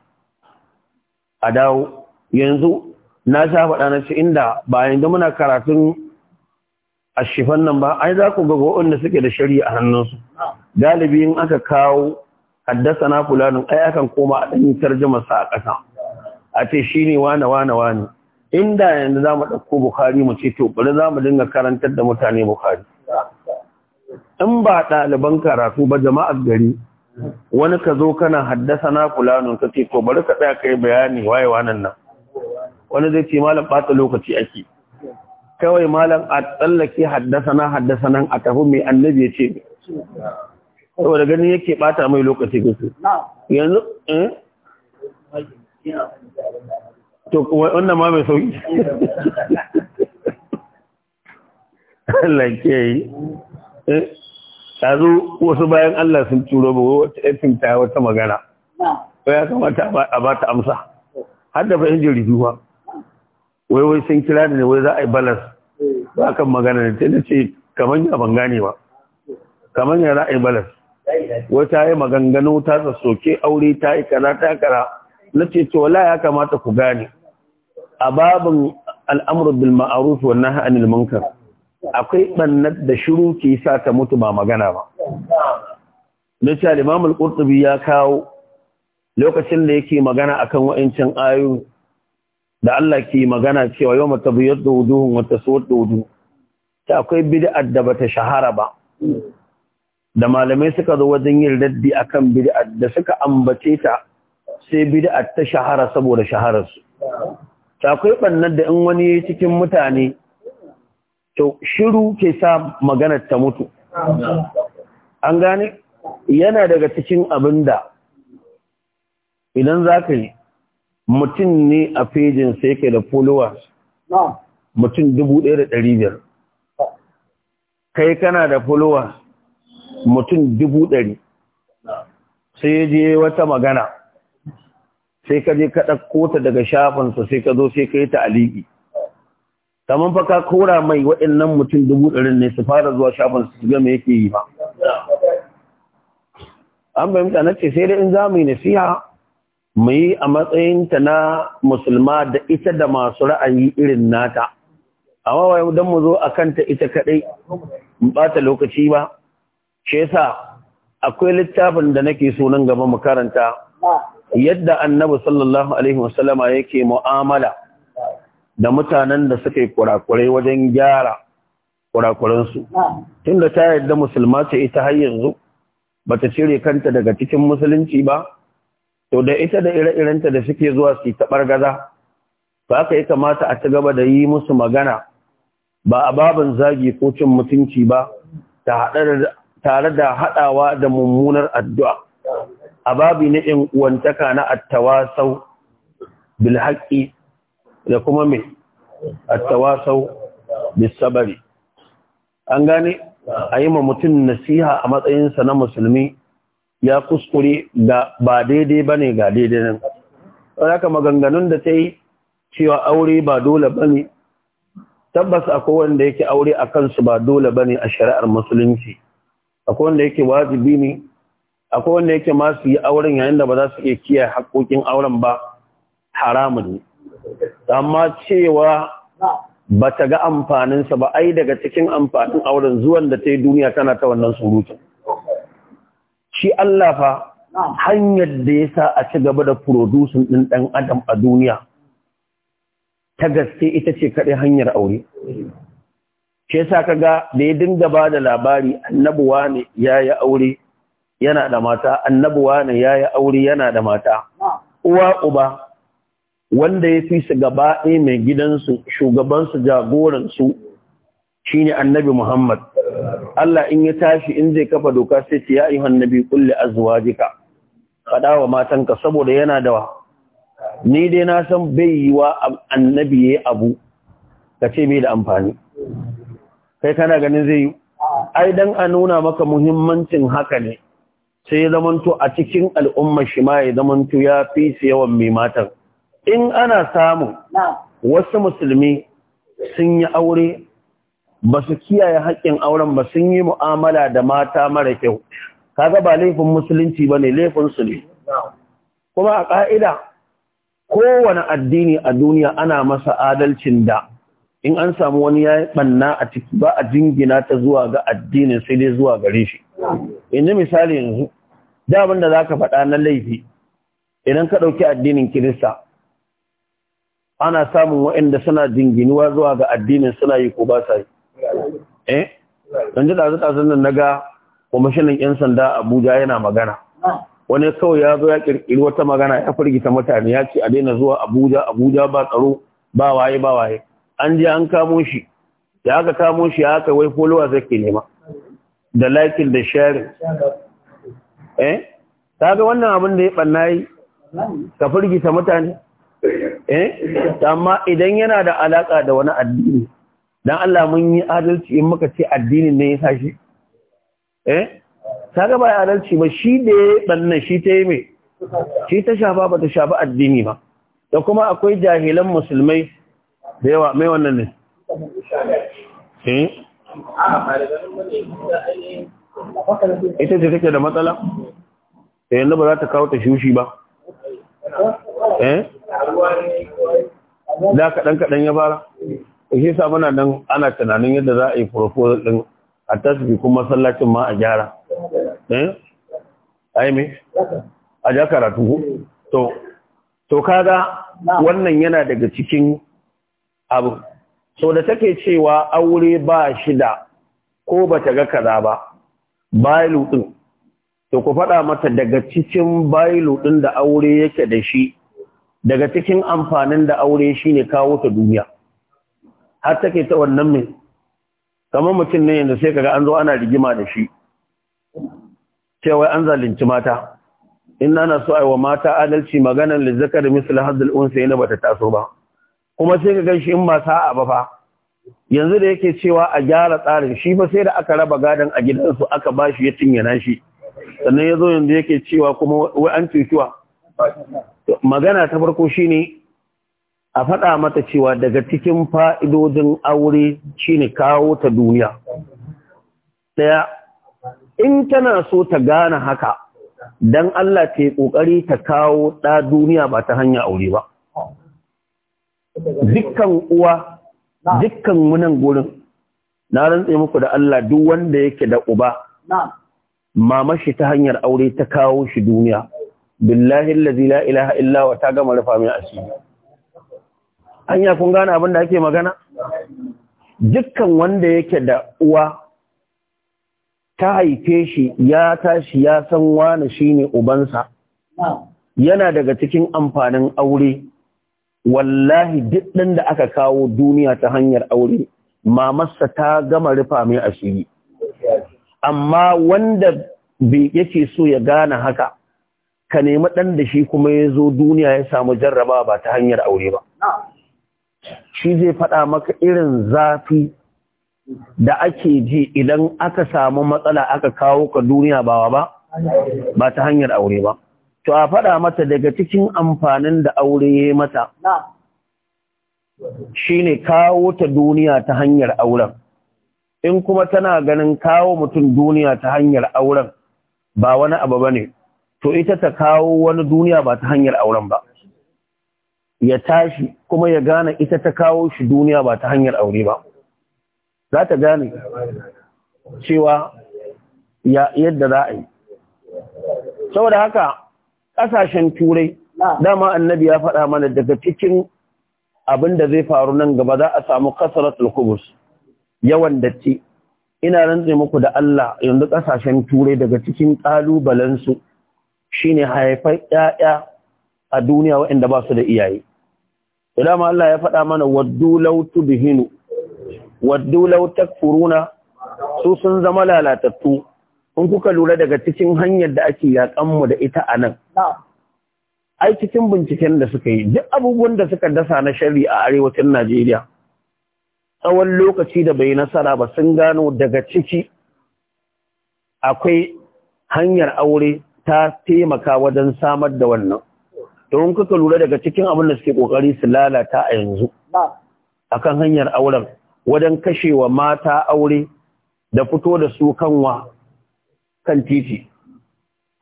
a dawo yanzu na sha faɗa na ce inda bayan da muna karatun a shifan nan ba ai za ku ga waɗanda suke da shari'a a hannunsu galibi in aka kawo haddasa na fulanin ai akan koma a ɗan tarjama sa a ƙasa a ce shi ne wane wane wane inda yanzu za mu ɗauko bukari mu ce to bari za mu dinga karantar da mutane bukari in ba ɗaliban karatu ba jama'ar gari wani ka zo kana haddasa na fulanun ka ce to bari ka tsaya kai bayani waye wannan nan wani zai ce malam ɓata lokaci ake kawai malam a tsallake haddasa na haddasa nan a tafi mai annabi ya ce da ganin yake ɓata mai lokaci gasu yanzu eh? to wannan ma mai sauki Allah ke yi zo wasu bayan Allah sun turo ba wata ɗin ta wata magana ya kamata a ba ta amsa har da fa rijuwa wai wai sun kira da wai za a yi balas ba kan magana da ta ce kamar ya ban gane ba kamar ya za a yi balas wai ta yi maganganu ta tsoke aure ta yi kara ta kara na ce to wala ya kamata ku gane a babin al'amuru bil ma'aruf wa nahy anil munkar akwai ɓannar da shiru ke sa ta mutu ba magana ba na ce al ƙurtubi ya kawo lokacin da yake magana akan wa'incin ayoyi da Allah ke magana cewa yau mata biyar da wuduhun wata suwar da wudu ta akwai bid'ar da bata shahara ba da malamai suka zo wajen yin raddi akan bid'ar da suka ambace ta sai bid'ar ta shahara saboda shaharar su ta akwai bannan da in wani yayi cikin mutane to shiru ke sa maganar ta mutu an gane yana daga cikin abinda idan zaka yi mutum ne a fejin sai yake da followers mutum dubu ɗaya da ɗari biyar kai kana da folowar mutum dubu ɗari sai je wata magana sai ka je kaɗa kota daga shafinsa sai ka zo sai ka yi ta aliki kamar fa ka kora mai waɗannan mutum dubu ɗari ne su fara zuwa shafin su gama me yake yi ba an bai mutane ce sai dai in za mu yi nasiha mu yi a matsayinta na musulma da ita da masu ra'ayi irin nata amma wa don mu zo a kanta ita kaɗai ɓata lokaci ba shi yasa akwai littafin da nake sunan gaba mu karanta yadda annabi sallallahu alaihi wasallama yake mu'amala da mutanen da suka yi kurakurai wajen gyara kurakuransu tunda ta yarda musulma ce ita har yanzu bata cire kanta daga cikin musulunci ba to da ita da ire-irenta da suke zuwa su ta bargaza ba ka yi kamata a ci gaba da yi musu magana ba a babin zagi ko cin mutunci ba tare da haɗawa da mummunar addu'a a babi na ‘yan uwantaka na attawasau bilhaƙi da kuma mai attawasau bisabari an gane a yi ma mutum nasiha a matsayinsa na musulmi ya kuskure ga ba daidai ba ne ga daidai nan haka maganganun da ta yi cewa aure ba dole ba ne tabbas akwai wanda yake aure a kansu ba dole ba ne a shari'ar musulunci akwai wanda yake wajibi ne akwai wanda yake ma su yi auren yayin da ba za su iya kiyaye haƙoƙin auren ba haramun ne amma cewa ba ta ga amfaninsa ba ai daga cikin amfanin auren zuwan da ta yi duniya tana ta wannan surutun shi Allah fa hanyar da ya sa a ci gaba da furodusun ɗin ɗan adam a duniya ta gaske ita ce kaɗai hanyar aure shi ka ga da ya dinga ba da labari annabuwa ne yi aure yana da mata annabuwa ne yi aure yana da mata uwa uba wanda ya fi su gaba ɗaya mai gidansu shugabansu jagoransu Shi ne annabi Muhammad Allah in ya tashi in zai kafa doka sai ce ya ayyuhan nabi a zuwa jika. fada wa matanka saboda yana da ni dai na san bai yi wa annabi ya yi abu Ka ce bai da amfani kai kana ganin zai yi ai dan a nuna maka muhimmancin haka ne sai zamanto a cikin al'umma shi ma ya zamanto ya fi su yawan mai matan in ana samun wasu musulmi sun yi aure ba su kiyaye haƙƙin auren ba sun yi mu'amala da mata mara kyau kaga ba laifin musulunci ba ne laifin ne kuma a ƙa'ida kowane addini a duniya ana masa adalcin da in an samu wani ya yi ɓanna a ciki ba a jingina ta zuwa ga addinin sai dai zuwa gare shi yanzu misali yanzu da abin da za ka faɗa na laifi idan ka ɗauki addinin kirista ana samun wa'inda suna jinginuwa zuwa ga addinin suna yi ko ba sa yi eh dan ji dazu na nan naga kwamishinan yan sanda Abuja yana magana wani kawai ya zo ya kirkiri wata magana ya firgita mutane ya ce a daina zuwa Abuja Abuja ba tsaro ba waye ba waye an je an kamo shi da aka kamo shi aka wai followers ke nema da liking da sharing eh ga wannan abin da ya banna yi ka firgita mutane eh amma idan yana da alaka da wani addini dan Allah mun yi adalci in muka ce addini ne ya sashi shi eh kaga ba adalci ba shi da bannan shi ta yi me shi ta shafa ba ta shafa addini ba da kuma akwai jahilan musulmai da yawa mai wannan ne eh ita ce take da matsala eh yanzu ba za ta kawo ta shushi ba eh da kaɗan kaɗan ya fara shi sa muna nan ana tunanin yadda za a yi proposal din a tasbi kuma masallacin ma a gyara eh ai me a ja karatu to to kaga wannan yana daga cikin abu so da take cewa aure ba da ko bata ga kaza ba bailu din to ku faɗa mata daga cikin bailu din da aure yake da shi daga cikin amfanin da aure shine kawo ta duniya har take ta wannan mai kamar mutum ne yanzu sai kaga an zo ana rigima da shi cewa an zalunci mata in na so aiwa mata adalci maganar lizzakar misal hadal unsa yana bata taso ba kuma sai ka ganshi in ba sa'a ba fa yanzu da yake cewa a gyara tsarin shi ba sai da aka raba gadon a gidansu aka bashi ya cinye shi. sannan ya zo yanzu yake cewa kuma wai an cutuwa magana ta farko shine a faɗa mata cewa daga cikin fa'idodin aure shine kawo ta duniya. Ɗaya, in tana so ta gane haka, don Allah ke ƙoƙari ta kawo ɗa duniya ba ta hanya aure ba. Dukkan uwa, dukkan munan gurin, na rantse muku da Allah duk wanda yake da uba, mama shi ta hanyar aure ta kawo shi duniya. Billahi la ilaha illa ta gama rufa mai asiri. Hanya kun gane abin da ake magana dukkan wanda yake da uwa ta haife shi ya tashi ya san wani shine ubansa yana daga cikin amfanin aure wallahi duk ɗan da aka kawo duniya ta hanyar aure mamarsa ta gama rufa mai asiri amma wanda yake so ya gane haka ka nemi ɗan da shi kuma ya zo duniya ya samu jarraba ba ta hanyar aure ba shi zai faɗa maka irin zafi da ake ji idan aka samu matsala aka kawo ka duniya bawa ba ba ta hanyar aure ba to a faɗa mata daga cikin amfanin da aure ya mata ne kawo ta duniya ta hanyar auren in kuma tana ganin kawo mutum duniya ta hanyar auren ba wani abu ba ne, to ita ta kawo wani duniya ba ta hanyar auren ba. ya tashi kuma ya gane ita ta kawo shi duniya ba ta hanyar aure ba za ta gane cewa yadda za a yi saboda haka ƙasashen turai dama annabi ya faɗa mana daga cikin abin da zai faru nan gaba za a samu kasaratul kubus yawan datti ina rantse muku da Allah yanzu ƙasashen turai daga cikin ƙalubalensu shine haifar 'ya'ya a duniya waɗanda ba su da iyaye ma Allah ya faɗa mana waddu law tudhinu waddu law takfuruna su sun zama lalatattu in kuka lura daga cikin hanyar da ake yaƙanmu mu da ita a nan ai cikin binciken da suka yi duk abubuwan da suka dasa na shari a arewacin Najeriya tsawon lokaci da bai nasara ba sun gano daga ciki akwai hanyar aure ta taimaka wajen samar da wannan don kuka lura daga cikin abin da suke kokari su lalata a yanzu akan hanyar auren wajen kashewa mata aure da fito da su kanwa kan titi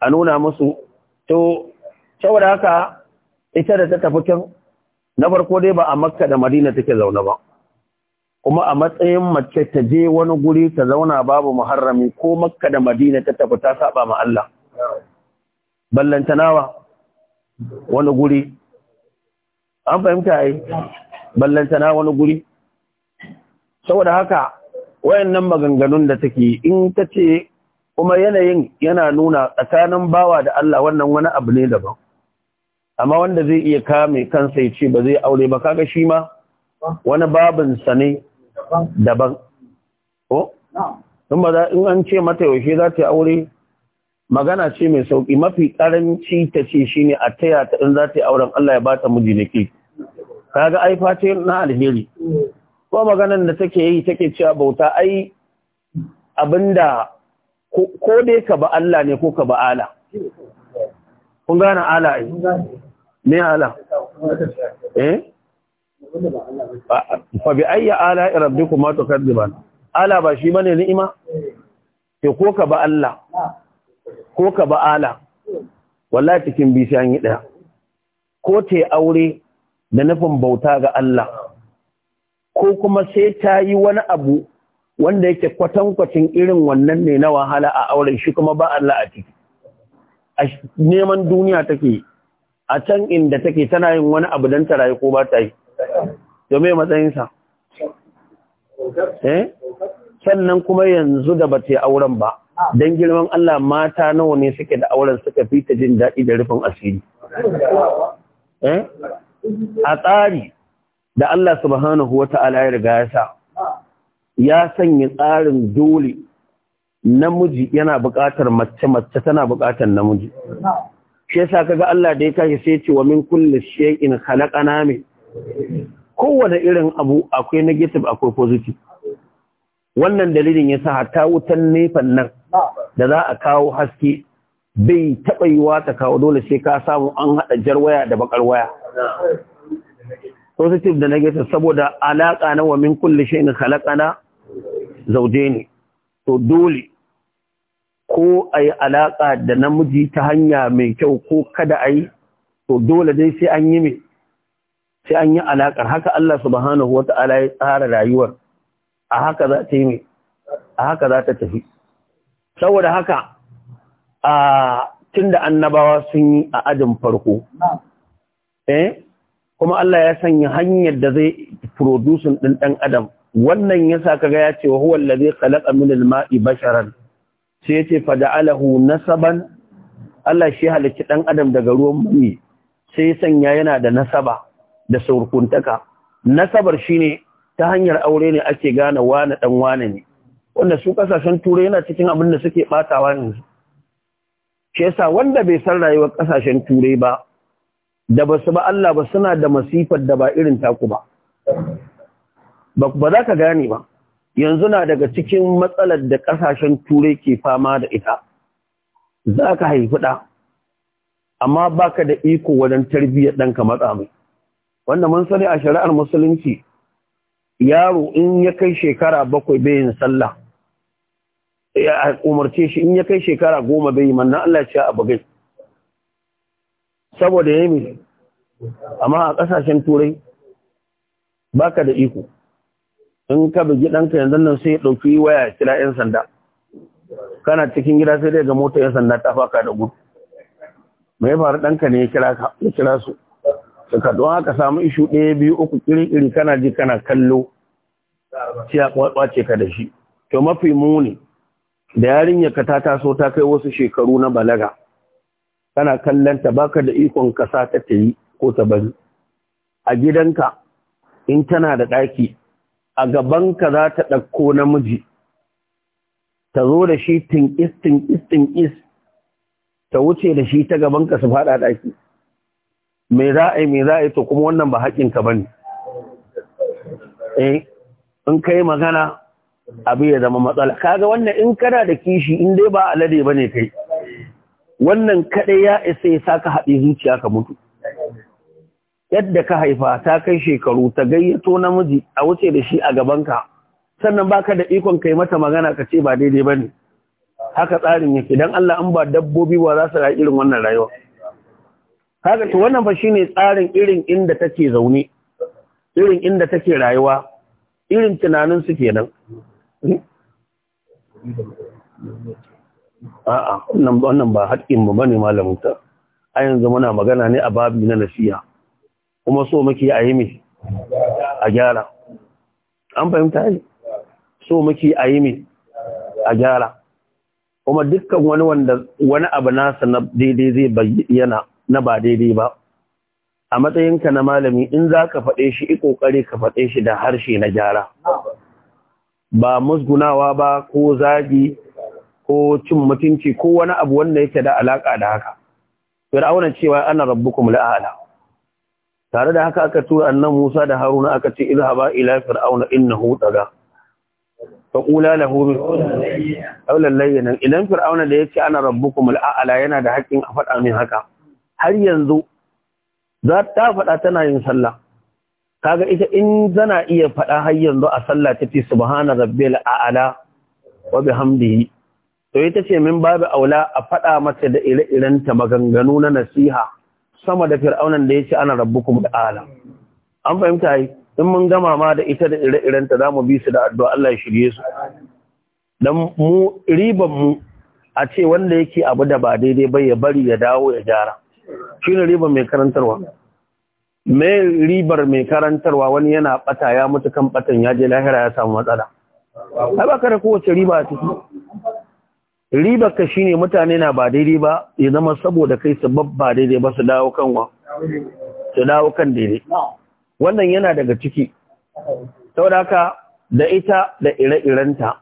a nuna musu to saboda haka ita da ta tafi can na farko dai ba a makka da madina take zaune ba kuma a matsayin mace ta je wani guri ta zauna babu muharrami ko makka da madina ta tafi ta saba ma Allah ballantanawa wani guri an fahimta yi ballantana wani guri saboda haka wayannan maganganun da take in ta ce kuma yanayin yana nuna tsakanin bawa da Allah wannan wani abu ne daban amma wanda zai iya kame kansa ya ce ba zai aure ba kaga shi ma wani babin sa ne daban ko in ba in an ce mata yaushe za ta aure magana ce mai sauki mafi karanci ta ce shi ne a taya ta in za ta yi auren Allah ya bata miji ne ke ga ai fata na alheri ko maganan da take yi take cewa bauta ai abinda ko dai ka ba Allah ne ko ka ba ala kun gane ala ai me ala eh fa bi ayya ala rabbikuma tukadziban ala ba shi bane ni'ima ke ko ka ba Allah ko ka ba'ala wallahi cikin bishiyan an yi ɗaya ko ta aure da nufin bauta ga Allah ko kuma sai ta yi wani abu wanda yake kwatankwacin irin wannan ne na wahala a auren shi kuma ba Allah a ciki neman duniya take a can inda take tana yin wani abu don ta rayu ko ba ta yi domin matsayinsa eh? sannan kuma yanzu da ba ta yi auren ba dan girman Allah mata nawa ne suke da auren suka fi ta jin daɗi da rufin asiri eh? a tsari da Allah subhanahu wa ta'ala ya riga ya sa ya sanya tsarin dole namiji yana buƙatar mace mace tana buƙatar namiji shi yasa kaga Allah da ya kashi sai ce wa min kulli shay'in khalaqana min kowane irin abu akwai negative akwai positive wannan dalilin yasa hatta wutan nefan nan da za a kawo haske bai taɓa yiwa ta kawo dole sai ka samu an haɗa jar waya da baƙar waya positive da negative saboda alaƙa na wa min halaƙa na, zaune ne. to dole ko a yi alaƙa da namiji ta hanya mai kyau ko kada a yi, to dole dai sai an yi mai sai an yi alaƙar haka Allah subhanahu Ta'ala ya tsara rayuwar a haka za ta yi mai a haka za ta tafi saboda haka a da annabawa sun yi a ajin farko eh kuma Allah ya sanya hanyar da zai producing ɗin ɗan adam wannan yasa kaga ya ce wa huwa allazi khalaqa min al-ma'i basharan sai ya yace fada'alahu nasaban Allah shi halicci dan adam daga ruwan mai sai ya sanya yana da nasaba da surkuntaka nasabar shine ta hanyar aure ne ake gane wane dan wane ne wanda su kasashen turai yana cikin abin da suke batawa yanzu shi yasa wanda bai san rayuwar kasashen turai ba da ba su ba Allah ba suna da masifar da ba irin taku ba ba za ka gane ba yanzu na daga cikin matsalar da kasashen turai ke fama da ita za ka haifi ɗa amma baka da iko wajen tarbiyyar ɗanka matsa mai wanda mun sani a shari'ar musulunci yaro in ya kai shekara bakwai bai yin sallah a umarce shi in ya kai shekara goma bai yi manna Allah ce a bugai saboda yami amma a kasashen turai baka da iko in ka bugi ɗanka yanzu nan sai ya ɗauki waya kira 'yan sanda kana cikin gida sai dai ga mota 'yan sanda ta faka da gudu mai faru ɗanka ne ya kira su suka don haka samu ishu ɗaya biyu uku kirkiri kana ji kana kallo sai a kwace ka da shi to mafi muni da yarinya ka ta taso ta kai wasu shekaru na balaga kana kallanta baka da ikon kasa ta ta yi ko ta bari a gidanka in tana da ɗaki a gabanka za ta ɗauko namiji ta zo da shi tinkis tinkis tinkis ta wuce da shi ta gaban ka su faɗa ɗaki me za a yi me za a yi to kuma wannan ba haƙinka ba ne eh in ka yi magana abu ya zama matsala kaga wannan in kana da kishi in dai ba alade ba ne kai wannan kaɗai ya isa ya sa ka haɗe zuciya ka mutu yadda ka haifa ta kai shekaru ta gayyato namiji a wuce da shi a gabanka sannan baka da ikon kai mata magana ka ce ba daidai ba ne haka tsarin yake don Allah an ba dabbobi ba za su rayu irin wannan rayuwa kaga to wannan fa shine tsarin irin inda take zaune irin inda take rayuwa irin tunanin su kenan a'a wannan wannan ba haƙƙin mu bane malamin ta a yanzu muna magana ne a babi na nasiya. kuma so muke a yi a gyara an fahimta ne so muke a yi a gyara kuma dukkan wani wanda wani abu nasa na daidai zai bayyana na ba daidai ba a matsayinka na malami in za ka faɗe shi i ƙoƙari ka faɗe shi da harshe na gyara ba musgunawa ba ko zagi ko cin mutunci ko wani abu wanda yake da alaƙa da haka fir'auna cewa ana rabbukum la'ala tare da haka aka tura annan Musa da Haruna aka ce izhaba ila fir'auna innahu taga faƙula da hobi qawlan layyinan idan fir'auna da ya ce ana rabbukum la'ala yana da haƙƙin a faɗa min haka har yanzu za ta faɗa tana yin sallah kaga ita in zana iya faɗa har yanzu a sallah ta fi subhana rabbil a'la wa bihamdihi to ita ce min babu aula a faɗa mata da ire-iren ta maganganu na nasiha sama da fir'aunan da ya yace ana rabbukum da a'la an fahimta yi in mun gama ma da ita da ire-iren ta zamu bi su da addu'a Allah ya shirye su dan mu riban mu a ce wanda yake abu da ba daidai ba ya bari ya dawo ya gyara shi ne ribar mai karantarwa mai ribar mai karantarwa wani yana bata ya mutu kan batan ya je lahira ya samu matsala ai ba ka da kowace riba a ciki ribar ka shine mutane na ba daidai ba ya zama saboda kai su babba daidai ba su dawo kan wa su dawo kan daidai wannan yana daga ciki saboda da ita da ire-irenta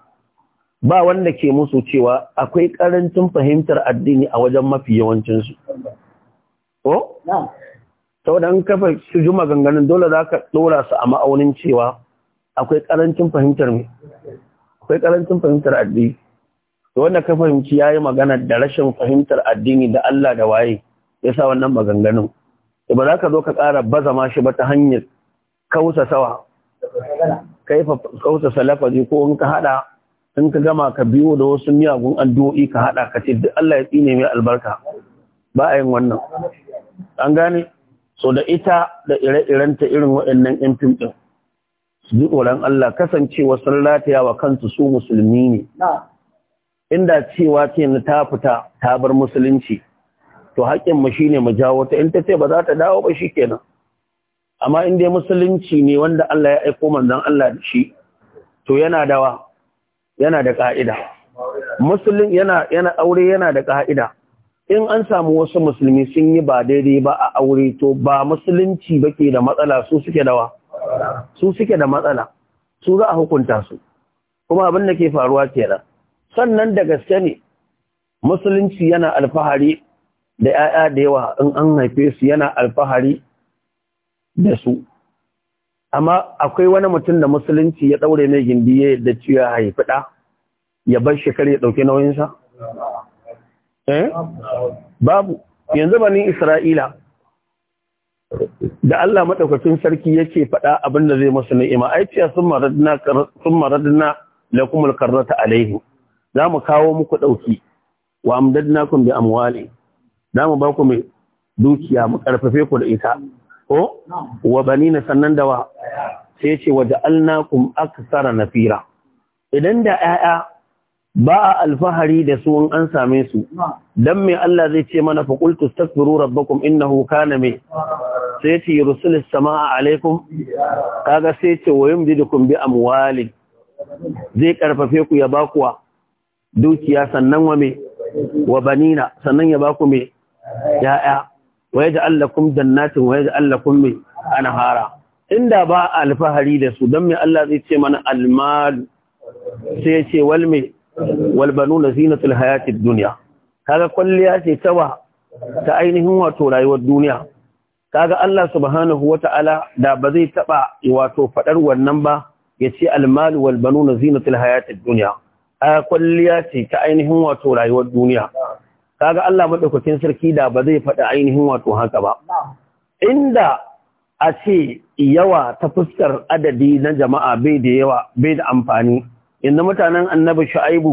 ba wanda ke musu cewa akwai karancin fahimtar addini a wajen mafi yawancinsu. ko saboda in kafa su ji maganganun dole za ka ɗora su a ma'aunin cewa akwai karancin fahimtar mai akwai karancin fahimtar addini to wanda ka fahimci ya yi magana da rashin fahimtar addini da Allah da waye ya sa wannan maganganun ba za ka zo ka ƙara baza ma shi ba ta hanyar kausa sawa kaifa kausa salafaji ko in ka hada in ka gama ka biyo da wasu miyagun addu'o'i ka haɗa ka ce duk Allah ya tsine mai albarka ba a yin wannan an gane so da ita da ire iren ta irin waɗannan yan fim ɗin su ji tsoron Allah kasancewa sun rataya wa kansu su musulmi ne inda cewa ce na ta fita ta bar musulunci to haƙƙin mu shine mu jawo ta in ta ce ba za ta dawo ba shi kenan amma in dai musulunci ne wanda Allah ya aiko manzon Allah da shi to yana dawa yana da ka'ida musulun yana yana aure yana da ka'ida in an samu wasu musulmi sun yi ba daidai ba a aure to ba musulunci ba ke da matsala su suke dawa su suke da matsala su za a hukunta su kuma abin da ke faruwa kenan sannan da gaske ne musulunci yana alfahari da 'ya'ya da yawa in an haife su yana alfahari da su amma akwai wani mutum da musulunci ya ɗaure mai gindi da ciwo ya haifi ɗa ya bar shekaru ya ɗauki nauyinsa Eh? babu yanzu banin isra'ila da Allah maɗaukacin sarki yake faɗa abin da zai masu ni'ima ai ciya sun maradna lakum alkarrata alaihi za mu kawo muku ɗauki wa kun bi amwali za mu ba ku mai dukiya mu ƙarfafe ku da ita ko wa na sannan da wa sai ce wa ja'alnakum aksara nafira idan da 'ya'ya ba a alfahari da su an same su dan me Allah zai ce mana fa qultu astaghfiru rabbakum innahu kana me sai yace yursilis samaa alaikum kaga sai ce wa yumdidukum bi amwalin zai karfafe ku ya ba ku dukiya sannan wa me wa banina sannan ya ba ku me ya'ya wa yaj'al lakum jannatin wa yaj'al lakum me anhara inda ba alfahari da su dan me Allah zai ce mana almal sai ya ce wal me wal banuna zinatul hayatid dunya kaga kwalliya ce tawa ta ainihin wato rayuwar duniya kaga Allah subhanahu wata'ala da ba zai taba wato fadar wannan ba yace almal wal banuna zinatul hayatid dunya a kulliya ce ta ainihin wato rayuwar duniya kaga Allah madaukakin sarki da ba zai fada ainihin wato haka ba inda a ce yawa ta fuskar adadi na jama'a bai da yawa bai da amfani inda mutanen annabi shu'aibu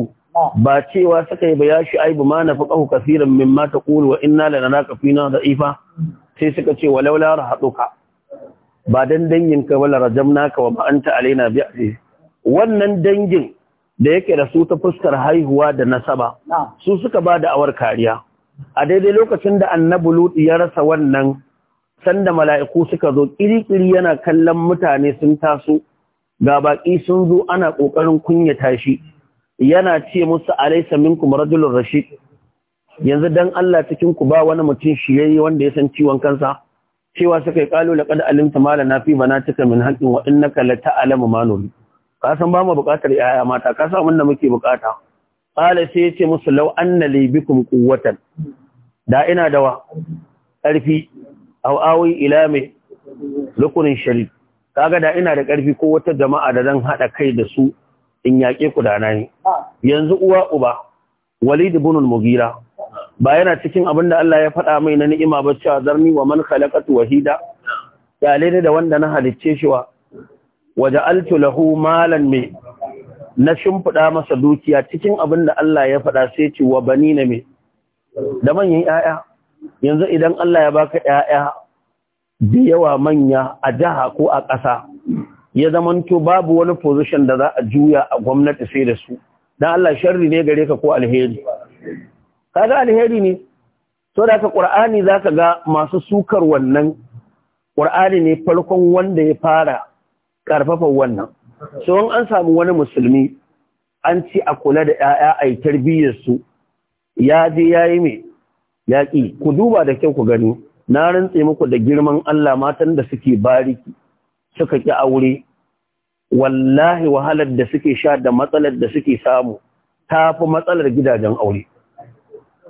ba cewa suka yi ba ya shu'aibu ma nafaqahu kaseeran mimma taqulu wa inna na fina da'ifa sai suka ce wa la rahaduka ba dan dangin ka wala ka wa ba anta alaina bi'aziz wannan dangin da yake da su ta fuskar haihuwa da nasaba su suka ba da awar kariya a daidai lokacin da annabi luɗi ya rasa wannan sanda mala'iku suka zo kirikiri yana kallon mutane sun taso ga baƙi sun zo ana ƙoƙarin kunyata shi yana ce musu alaisa minkum rajulur rashid yanzu dan Allah cikin ku ba wani mutum shiyayye wanda ya san ciwon kansa cewa suka yi kalu laqad alimta ma lana fi banatika min haqqin wa innaka la ta'lamu ma nuri ka san ba mu buƙatar yaya mata ka san mun da muke buƙata qala sai yace musu law anna li bikum quwwatan da ina da wa ƙarfi aw awi ila mai rukunin shari kaga da ina da ƙarfi ko wata jama'a da zan haɗa kai da su in yaƙe ku da ne ah. yanzu uwa uba walid ibn al-mughira ba yana cikin abin da Allah ya faɗa mai na ni'ima ba cewa zarni wa man khalaqatu wahida kyale da wanda na halicce shi wa waja'altu lahu malan mai na shimfiɗa masa dukiya cikin abin da Allah ya faɗa sai ce wa banina mai da manyan 'ya'ya yanzu idan Allah ya baka 'ya'ya da yawa manya a jiha ko a ƙasa ya zamanto babu wani position da za a juya a gwamnati sai da su dan Allah sharri ne gare ka ko alheri kaga alheri ne so da ka ƙur'ani za ka ga masu sukar wannan ƙur'ani ne farkon wanda ya fara karfafa wannan so in an samu wani musulmi an ci a kula da 'ya'ya a tarbiyyar su ya je ya yi mai yaƙi ku duba da kyau ku gani na rantse muku da girman Allah matan da suke bariki suka ki aure wallahi wahalar da suke sha da matsalar da suke samu ta fi matsalar gidajen aure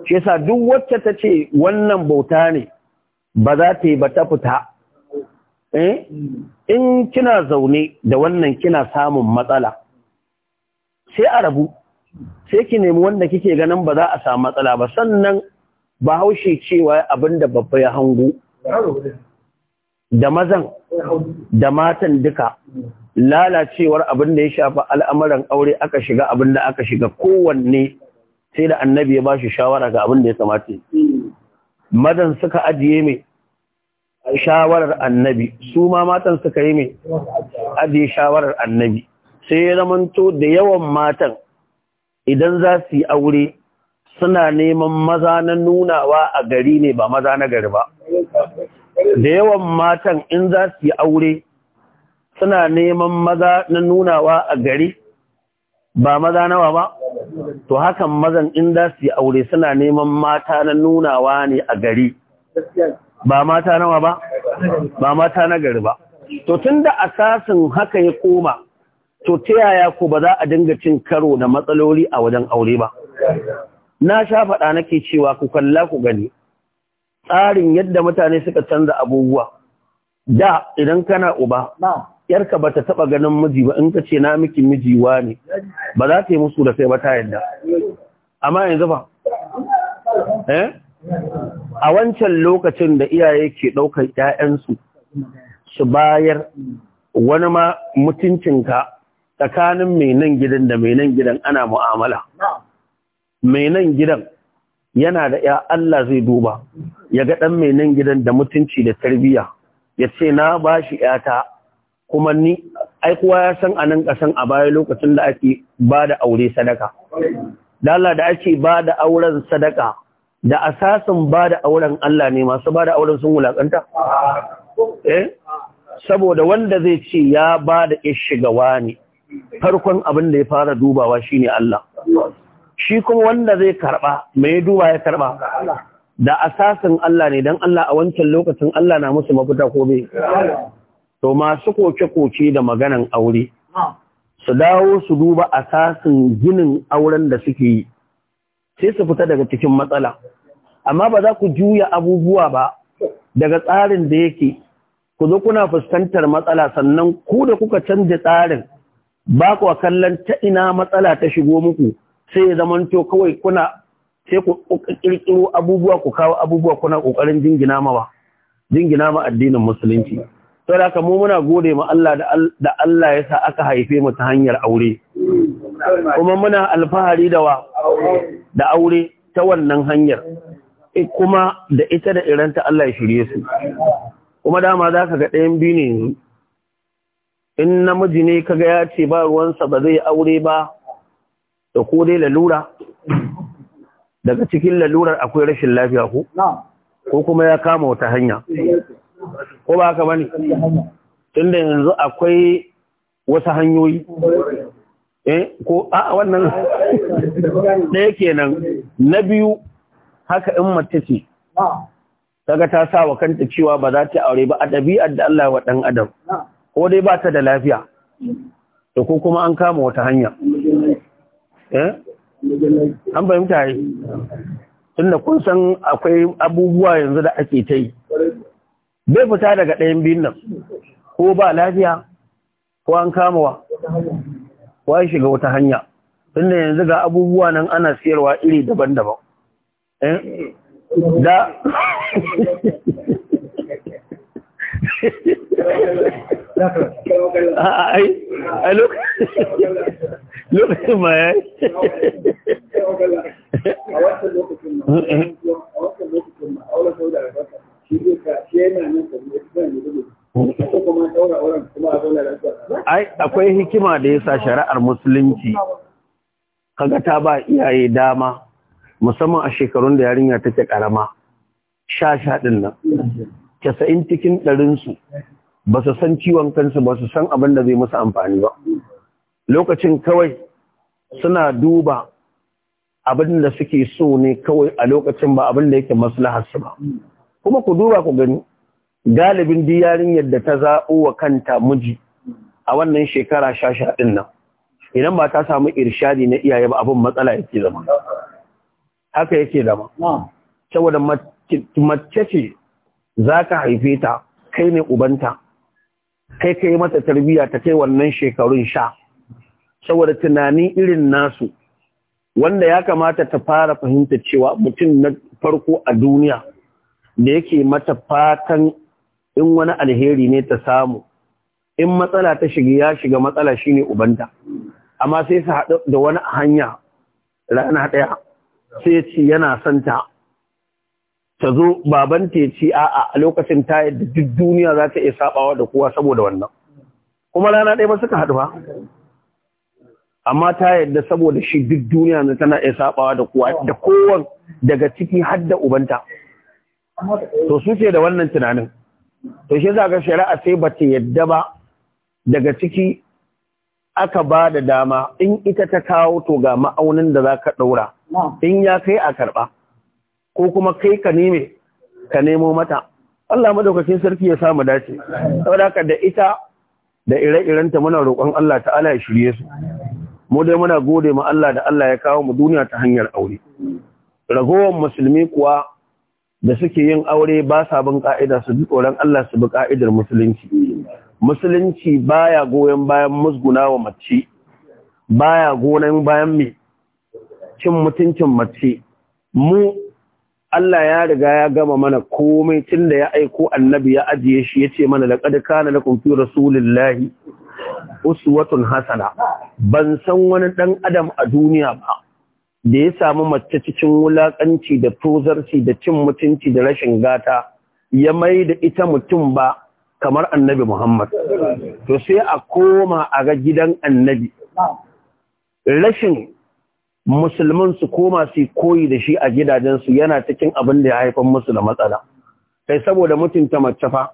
shi yasa duk wacce ta ce wannan bauta ne ba za ta yi ba ta fita eh? in kina zaune da wannan kina samun matsala sai a rabu sai ki nemi wanda kike ganin ba za a samu matsala ba sannan bahaushe cewa abinda babba ya hango da mazan da matan duka lalacewar abin ya shafa al'amuran aure aka shiga abin aka shiga kowanne sai da annabi ya ba shi shawara ga abin ya kamata mazan suka ajiye mai shawarar annabi su ma matan suka yi mai ajiye shawarar annabi sai ya zamanto da yawan matan idan za su yi aure suna neman maza na nunawa a gari ne ba maza na gari ba da yawan matan in za su yi aure suna neman maza na nunawa a gari ba maza nawa ba to hakan mazan in za su yi aure suna neman mata na nunawa ne a gari ba mata nawa ba ba mata na gari ba to tunda asasin haka ya koma to ta yaya ko ba za a dinga cin karo da matsaloli a wajen aure ba na sha faɗa nake cewa ku kalla ku gani tsarin yadda mutane suka canza abubuwa da idan kana uba yarka bata taba ganin miji ba in ka ce na miki miji wa ne ba za ta yi musu da sai ba ta yadda amma yanzu ba eh? a wancan lokacin da iyaye ke ɗaukar ‘ya'yansu su bayar wani ma mutuncinka tsakanin mai nan gidan da mai nan gidan ana mu'amala. mai nan gidan yana da ya Allah zai duba ya ga ɗan mai nan gidan da mutunci da tarbiyya ya ce na ba shi ‘yata kuma ni aikuwa ya san a nan ƙasan a baya lokacin da ake ba da aure sadaka. Dala da ake ba da auren sadaka da asasin ba da auren Allah ne masu ba da auren sun wulaƙanta? Eh? Saboda wanda zai ce ya ba da ishigawa ne, farkon abin da ya fara dubawa shine Allah. shi kuma wanda zai karba mai duba ya karba da asasin Allah ne dan Allah a wancan lokacin Allah na musu mafita ko bai to masu koke-koke da maganan aure su dawo su duba asasin ginin auren da suke yi sai su fita daga cikin matsala amma ba za ku juya abubuwa ba daga tsarin da yake ku zo kuna fuskantar matsala sannan ku da kuka canja tsarin ba ku kallon ta ina matsala ta shigo muku sai ya zamanto kawai kuna sai ku kirkiro abubuwa ku kawo abubuwa kuna kokarin jingina ma jingina ma addinin musulunci sai da mu muna gode ma Allah da Allah ya sa aka haife mu ta hanyar aure kuma muna alfahari da wa da aure ta wannan hanyar e, kuma da ita da ta Allah ya shirye su kuma dama za ka ga ɗayan biyu ne yanzu. in namiji ne kaga ya ce ba ruwansa ba zai aure ba da ko dai lalura daga cikin lalurar akwai rashin lafiya ko ko kuma ya kama wata hanya ko ba haka bane tunda yanzu akwai wasu hanyoyi eh ko a wannan ɗaya kenan na biyu haka in mace ce kaga ta sa wa kanta cewa ba za ta aure ba a ɗabi'ar da Allah wa ɗan adam ko dai ba ta da lafiya to ko kuma an kama wata hanya Eh, an fahimta yi tunda kun san akwai abubuwa yanzu da ake ta yi bai fita daga ɗayan biyun nan ko ba lafiya ko an kamawa wa ya shiga wata hanya tunda yanzu ga abubuwa nan ana siyarwa iri daban-daban eh? da a lokacin ya ai akwai hikima da yasa shari'ar musulunci kaga ta ba iyaye dama musamman a shekarun da yarinya take karama sha sha din nan casa'in cikin ɗarinsu ba su san ciwon kansu ba su san abin da zai musu amfani ba lokacin kawai suna duba abin da suke so ne kawai a lokacin ba abin da yake maslaharsu ba kuma ku duba ku gani galibin diyarin yadda ta za'o wa kanta miji a wannan shekara sha sha nan idan ba ta samu irshadi na iyaye ba abin matsala yake zama haka yake zama saboda mace ce za ka haife ta kai ne ubanta kai kai mata tarbiyya ta kai wannan shekarun sha saboda tunani irin nasu wanda ya kamata ta fara fahimta cewa mutum na farko a duniya da yake mata fatan in wani alheri ne ta samu in matsala ta shiga ya shiga matsala shine ubanta amma sai su haɗu da wani hanya rana ɗaya sai ce yana santa ta zo baban teci a a'a a lokacin ta yadda duk duniya za ta iya sabawa da kowa saboda wannan kuma rana ɗaya ba suka haɗu ba amma ta yadda saboda shi duk duniya na tana iya sabawa da kowa da kowan daga ciki har da ubanta to su ce da wannan tunanin to shi ga shari'a sai ba ta yadda ba daga ciki aka ba da dama in ita ta kawo to ga ma'aunin da za ka ɗaura in ya kai a karɓa ko kuma kai ka neme ka nemo mata Allah madaukakin sarki ya sa mu dace saboda da ita da ire-irenta muna roƙon Allah ta'ala ya shirye su mu dai muna gode ma Allah da Allah ya kawo mu duniya ta hanyar aure ragowar musulmi kuwa da suke yin aure ba sa bin ka'ida su bi tsoron Allah su bi ka'idar musulunci musulunci baya goyon bayan musguna wa mace baya gonan bayan me cin mutuncin mace mu Allah ya riga ya gama mana komai tunda ya aiko annabi ya ajiye shi ya ce mana laqad kana lakum fi rasulillahi uswatun hasana ban san wani dan adam a duniya ba da ya samu mace cikin wulakanci da tozarci da cin mutunci da rashin gata ya mai da ita mutum ba kamar annabi Muhammad to sai a koma a ga gidan annabi rashin musulman su koma su koyi da shi a gidajensu yana cikin abin da ya haifar musu da matsala Kai saboda mutunta mace fa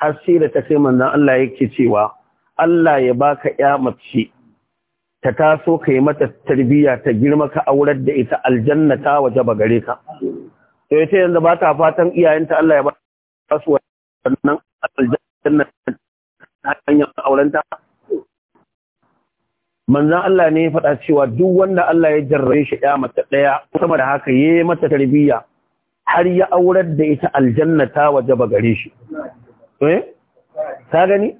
har sai da ta sai manzon Allah yake cewa Allah ya baka ya mace ta taso ka yi mata tarbiyya ta girma ka aurar da ita aljanna ta waje ba gare ka to ita yanzu ba ta fatan iyayenta Allah ya ba su wannan aljanna ta hanyar aurenta manzan Allah ne ya faɗa cewa duk wanda Allah ya jarrabe shi ya mata ɗaya sama da haka ya yi mata tarbiyya har ya aurar da ita aljanna ta waje ba gare shi. Eh? Ka gani?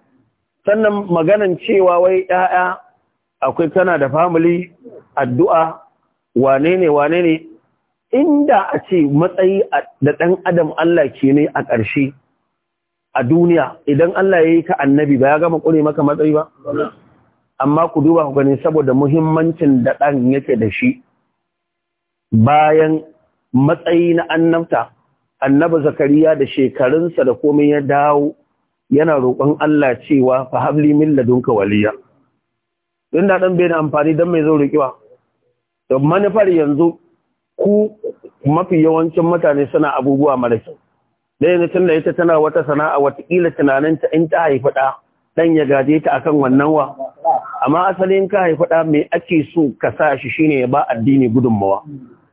sannan maganan cewa wai ‘ya'ya akwai kana da famili addu'a wane ne wane ne inda a ce matsayi da ɗan adam Allah ke ne a ƙarshe a duniya idan Allah ya yi ka annabi ba ya gama ƙure maka matsayi ba amma ku duba ku gani saboda muhimmancin da ɗan yake da shi bayan matsayi na annabta annabi zakariya da shekarunsa da komai ya dawo yana roƙon Allah cewa fa habli min ladunka waliya don da dan bai da amfani dan mai zo roƙiwa to manufar yanzu ku mafi yawancin mutane suna abubuwa mara kyau dai ne da ita tana wata sana'a watakila tunaninta in ta haifi da Dan ya gaje ta akan wannan wa amma asalin ka haifi da mai ake so ka sa shi shine ya ba addini gudunmawa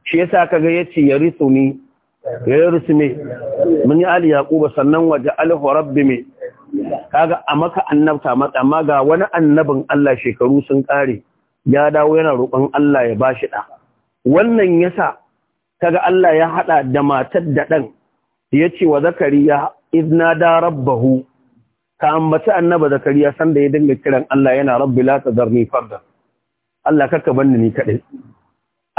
shi yasa kaga yace ya risu ya risu mun yi ali yaquba sannan waje alhu rabbi me kaga a maka annabta amma ga wani annabin Allah shekaru sun kare ya dawo yana roƙon Allah ya bashi ɗa. wannan yasa kaga Allah ya haɗa da matar da ɗan, ya ce wa zakariya izna da rabbahu ka ambaci annaba zakariya sanda ya dinga kiran Allah yana rabbi la tazarni farda Allah karka banni ni kaɗai.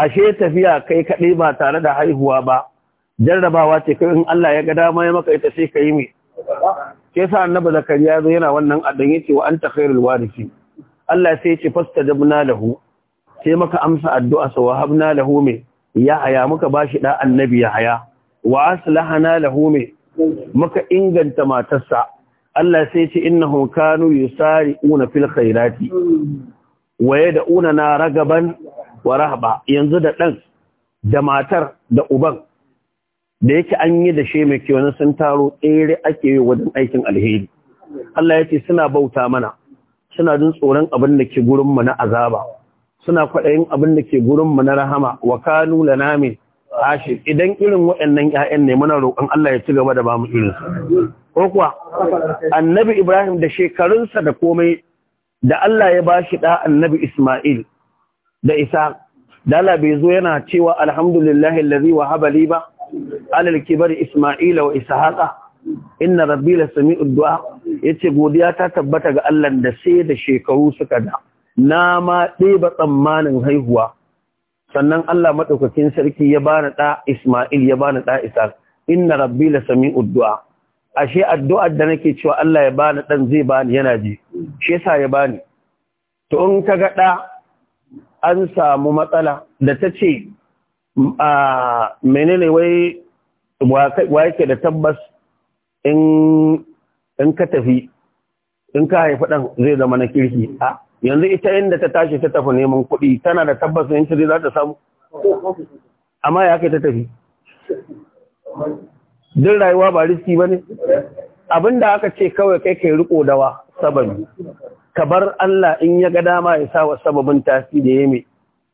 ashe tafiya kai kaɗai ba tare da haihuwa ba jarrabawa ce kai in Allah ya ga dama ya maka ita sai ka yi mai ke sa annabi zakariya zo yana wannan addan yace wa anta khairul warisi Allah sai yace fastajabna lahu sai muka amsa addu'a sa wa habna lahu me Ya yahaya muka bashi da annabi haya. wa aslahana lahu me muka inganta matarsa Allah sai yace innahum kanu yusari'una fil khairati wa yad'una na ragaban wa rahba yanzu da dan da matar da uban da yake an yi da shi mai kyau sun taro tsere ake yi wajen aikin alheri Allah ya ce suna bauta mana suna jin tsoron abin da ke gurin mu na azaba suna kwaɗayin abin da ke gurin mu na rahama wa kanu lana ashi idan irin waɗannan 'ya'yan ne muna roƙon Allah ya ci gaba da bamu irin su ko kuwa annabi Ibrahim da shekarunsa da komai da Allah ya ba shi ɗa annabi Isma'il da Isa dala bai zo yana cewa alhamdulillahi allazi wa li ba alal bari isma'ila wa ishaqa inna rabbi la du'a yace godiya ta tabbata ga Allah da sai da shekaru suka da na ma ɗeba tsammanin haihuwa sannan Allah madaukakin sarki ya bani da isma'il ya bani da ishaq inna rabbi la sami'ud du'a ashe addu'ar da nake cewa Allah ya bani dan zai bani yana ji shi yasa ya bani to in ga da an samu matsala da tace menene wai wa yake da tabbas in ka tafi in ka haifi ɗan zai zama na kirki a yanzu ita inda ta tashi ta tafi neman kuɗi tana da tabbas in zai za ta samu amma ya kai ta tafi din rayuwa ba riski ba ne abinda aka ce kawai kai kai riko dawa sababi ka bar Allah in ya ga dama ya sa wa sababin tasiri ya yi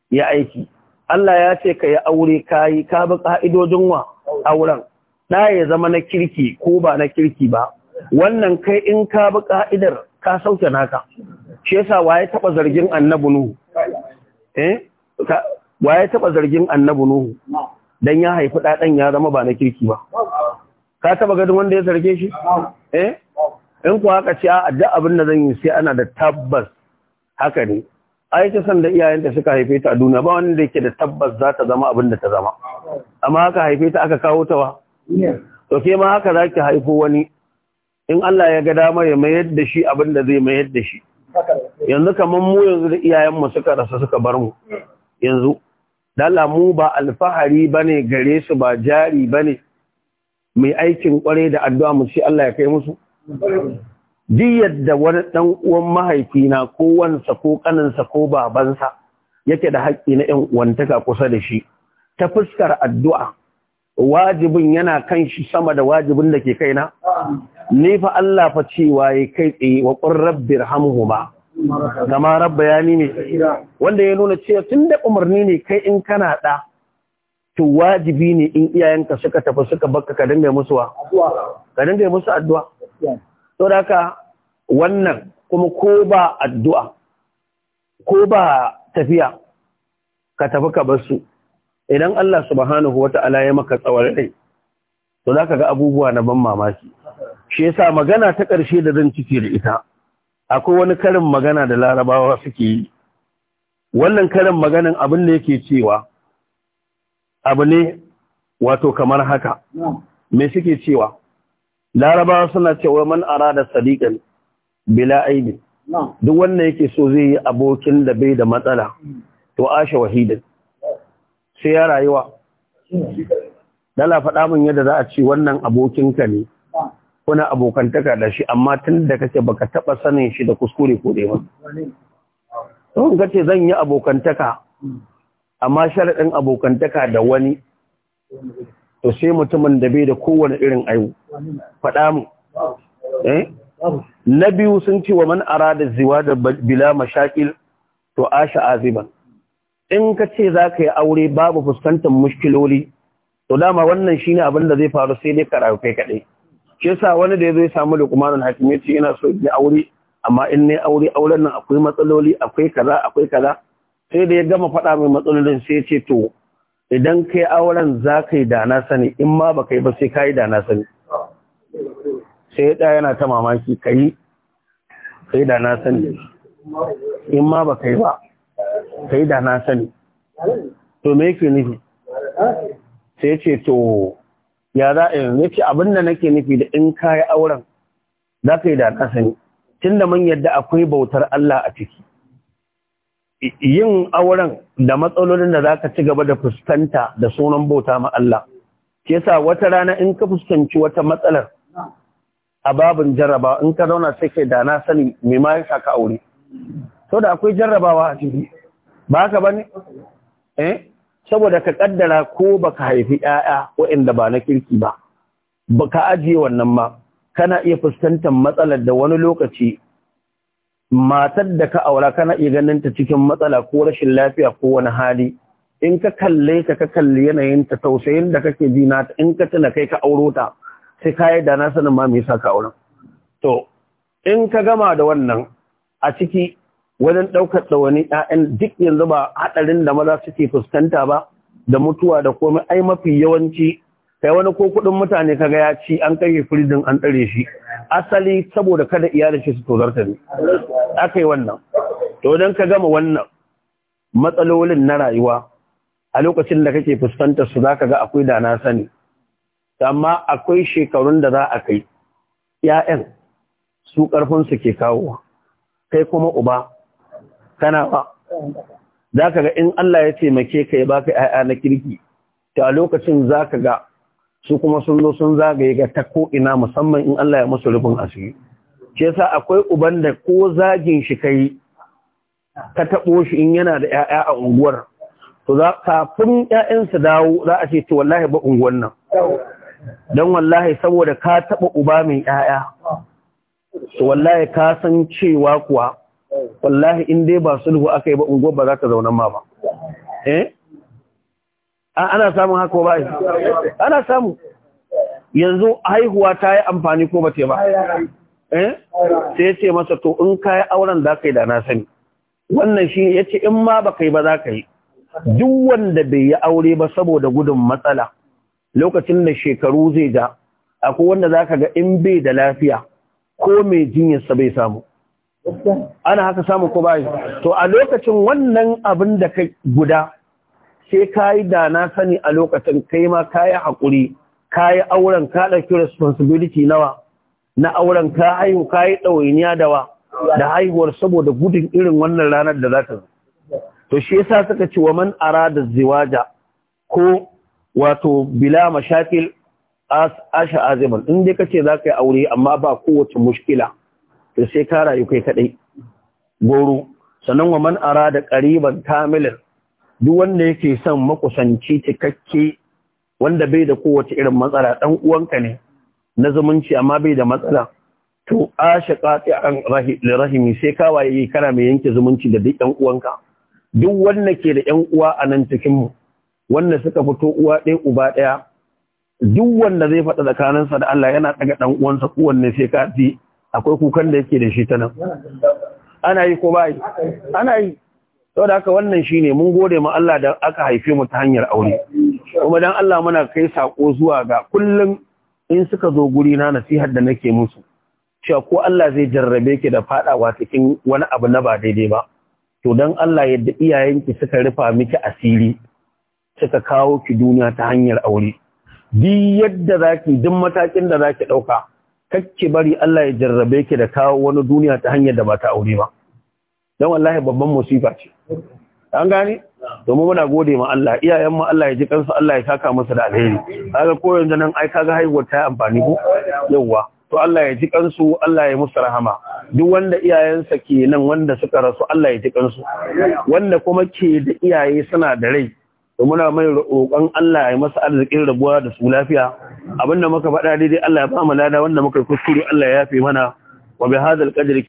ya aiki Allah ya ce ka yi aure ka yi ka bi ka'idojin wa auren Ɗa ya zama na kirki ko ba na kirki ba wannan kai in ka bi ka'idar ka sauke naka shi yasa ya taba zargin annabi nuhu eh ya taɓa zargin annabi nuhu dan ya haifi ɗaɗan ya zama ba na kirki ba ka taɓa gadin wanda ya zarge shi eh in ku haka ce a duk abin da zan yi sai ana da tabbas haka ne aisha san da iyayenta suka haife ta a duniya ba wanda yake da tabbas za ta zama abin da ta zama amma haka haife ta aka kawo ta wa to ke ma haka zaki haifo wani in Allah ya ga dama ya mayar da shi abin da zai mayar da shi yanzu kamar mu yanzu da iyayen mu suka rasa suka bar mu yanzu dala mu ba alfahari bane gare su ba jari bane mai aikin kware da addu'a mu sai Allah ya kai musu duk yadda wani ɗan uwan mahaifina ko wansa ko ƙaninsa ko babansa yake da haƙƙi na ‘yan uwantaka kusa da shi ta fuskar addu'a wajibin yana kan shi sama da wajibin da ke kaina ni fa Allah fa cewa ya kai tsaye wa qur rabbir hamhuma Gama rabba ya ni ne wanda ya nuna cewa tun da umarni ne kai in kana ɗa to wajibi ne in iyayenka suka tafi suka baka ka dinga musu ka dinga musu addu'a to ka wannan kuma ko ba addu'a ko ba tafiya ka tafi ka bar su idan Allah subhanahu wata'ala ya maka tsawar rai to za ka ga abubuwa na ban mamaki shi sa magana ta ƙarshe da zan cike da ita akwai wani karin magana da larabawa suke yi wannan karin maganin abin da yake cewa abu ne wato kamar haka me suke cewa larabawa suna cewa man arada sadiqan bila aibi duk wanda yake so zai yi abokin da bai da matsala to ashe wahidan sai ya rayuwa dala faɗa min yadda za a ce wannan abokinka ne kuna abokantaka da shi amma tun da kake baka taɓa sanin shi da kuskure ko dai ba ka ce zan yi abokantaka hmm. amma sharaɗin abokantaka da wani to sai mutumin da bai da kowane irin ayu faɗa mu eh? na biyu sun ce wa man da ziwa da bila mashakil to asha aziban in ka ce za ka yi aure babu fuskantar mushkiloli to dama wannan shine abin da zai faru sai dai karawa kai kaɗai shi yasa wani da ya zo ya samu lukumanin hakimi ce yana so ya aure amma in ne aure auren nan akwai matsaloli akwai kaza akwai kaza sai da ya gama faɗa mai matsalolin sai ya ce to idan kai auren za ka yi da na sani in ma ba kai ba sai ka yi da na sani sai ɗaya yana ta mamaki ka yi ka da na sani in ma ba kai ba ka yi da na sani to me yake nufi sai ce to ya za a yi ce abin da nake nufi da in ka yi auren za ka yi da na sani tun da mun yadda akwai bautar Allah a ciki yin auren da matsalolin da za ka ci gaba da fuskanta da sunan bauta ma Allah. Ke sa wata rana in ka fuskanci wata matsalar a babin jarraba in ka zauna sai ke da na sani mai ma yasa ka aure. Sau da akwai jarrabawa a ciki, ba ka ba ne? Eh? Saboda ka kaddara ko ba ka haifi ‘ya'ya waɗanda ba na kirki ba, ba ka ajiye wannan ma, kana iya fuskantar matsalar da wani lokaci matar da ka aura kana iya ganin ta cikin matsala ko rashin lafiya ko wani hali in ka kalle ta ka kalli yanayin ta tausayin da kake ji na in ka tuna kai ka auro ta sai ka yi da na sanin ma me yasa ka auren to in ka gama da wannan a ciki wajen ɗaukar wani ‘ya'yan duk yanzu ba haɗarin da maza suke fuskanta ba da mutuwa da komai ai mafi yawanci kai wani ko kuɗin mutane kaga ya ci an kai firidin an tsare shi asali saboda kada iyalin shi su tozarta ne aka yi wannan to don ka gama wannan matsalolin na rayuwa a lokacin da kake fuskantar su zaka ga akwai da na sani amma akwai shekarun da za a kai ‘ya'yan su ƙarfinsu ke kawowa, kai kuma uba, kana ba, za ka ga in Allah ya taimake ka ya baka ‘ya'ya na kirki, a lokacin za ka ga su kuma sun zo sun zagaye ga ta ko'ina musamman in Allah ya musu rufin asiri Ke sa akwai uban da ko zagin shi kai ka taɓo shi in yana da 'ya'ya a unguwar to za kafin su dawo za a ce to wallahi ba unguwar nan don wallahi saboda ka taɓa uba mai 'ya'ya to wallahi ka san cewa kuwa wallahi in dai ba sulhu aka yi ba unguwar ba za ta zauna ma ba eh ana samun haka ba ana samu yanzu haihuwa ta yi amfani ko ba te ba eh? sai ce masa to in ka yi auren za ka yi da na sani wannan shi ya ce in ma ba yi ba za ka yi duk wanda bai yi aure ba saboda gudun matsala lokacin da shekaru zai ja akwai wanda za ka ga in bai da lafiya ko mai jinyarsa bai samu ana haka samu ko bayi to a lokacin wannan abin da ka guda sai ka yi da na sani a lokacin kai ma ka yi haƙuri ka yi auren ka ɗauki responsibility nawa na auren ka haihu ka yi ɗawainiya da wa da haihuwar saboda gudun irin wannan ranar da za ta to shi yasa suka ce wa man arada ziwaja ko wato bila mashakil asha aziman in dai kace za ka yi aure amma ba kowace mushkila to sai ka rayu kai kaɗai. goro sannan wa man arada qariban kamilan duk wanda yake son makusanci cikakke wanda bai da kowace irin matsala dan uwanka ne na zumunci amma bai da matsala to asha an rahimi sai ka waye kana mai yanke zumunci da duk yan uwanka duk wanda ke da yan uwa a nan cikinmu, mu wanda suka fito uwa ɗaya uba ɗaya duk wanda zai faɗa tsakaninsa da Allah yana daga dan uwansa kowanne sai ka ji akwai kukan da yake da shi ta nan ana yi ko ba yi ana yi sau da haka wannan shi ne mun gode ma Allah da aka haife mu ta hanyar aure kuma don Allah muna kai saƙo zuwa ga kullum in suka zo guri na nasihar da nake musu cewa ko Allah zai jarrabe ki da faɗawa cikin wani abu na ba daidai ba to don Allah yadda iyayenki suka rufa miki asiri suka kawo ki duniya ta hanyar aure duk yadda zaki duk matakin da zaki ɗauka kakki bari Allah ya jarrabe ki da kawo wani duniya ta hanyar da ba ta aure ba Don wallahi babban musifa ce an gani domin muna gode ma Allah iyayen Allah ya ji kansu Allah ya saka musu da alheri kaga ko yanzu nan ai kaga haihuwar ta amfani ko yawa to Allah ya ji kansu Allah ya musu rahama duk wanda iyayensa ke nan wanda suka rasu Allah ya ji kansu wanda kuma ke da iyaye suna da rai to muna mai roƙon Allah ya masa arzikin rabuwa da su lafiya abinda muka faɗa daidai Allah ya ba mu lada wanda muka yi kuskure Allah ya yafe mana wa bi hadzal qadri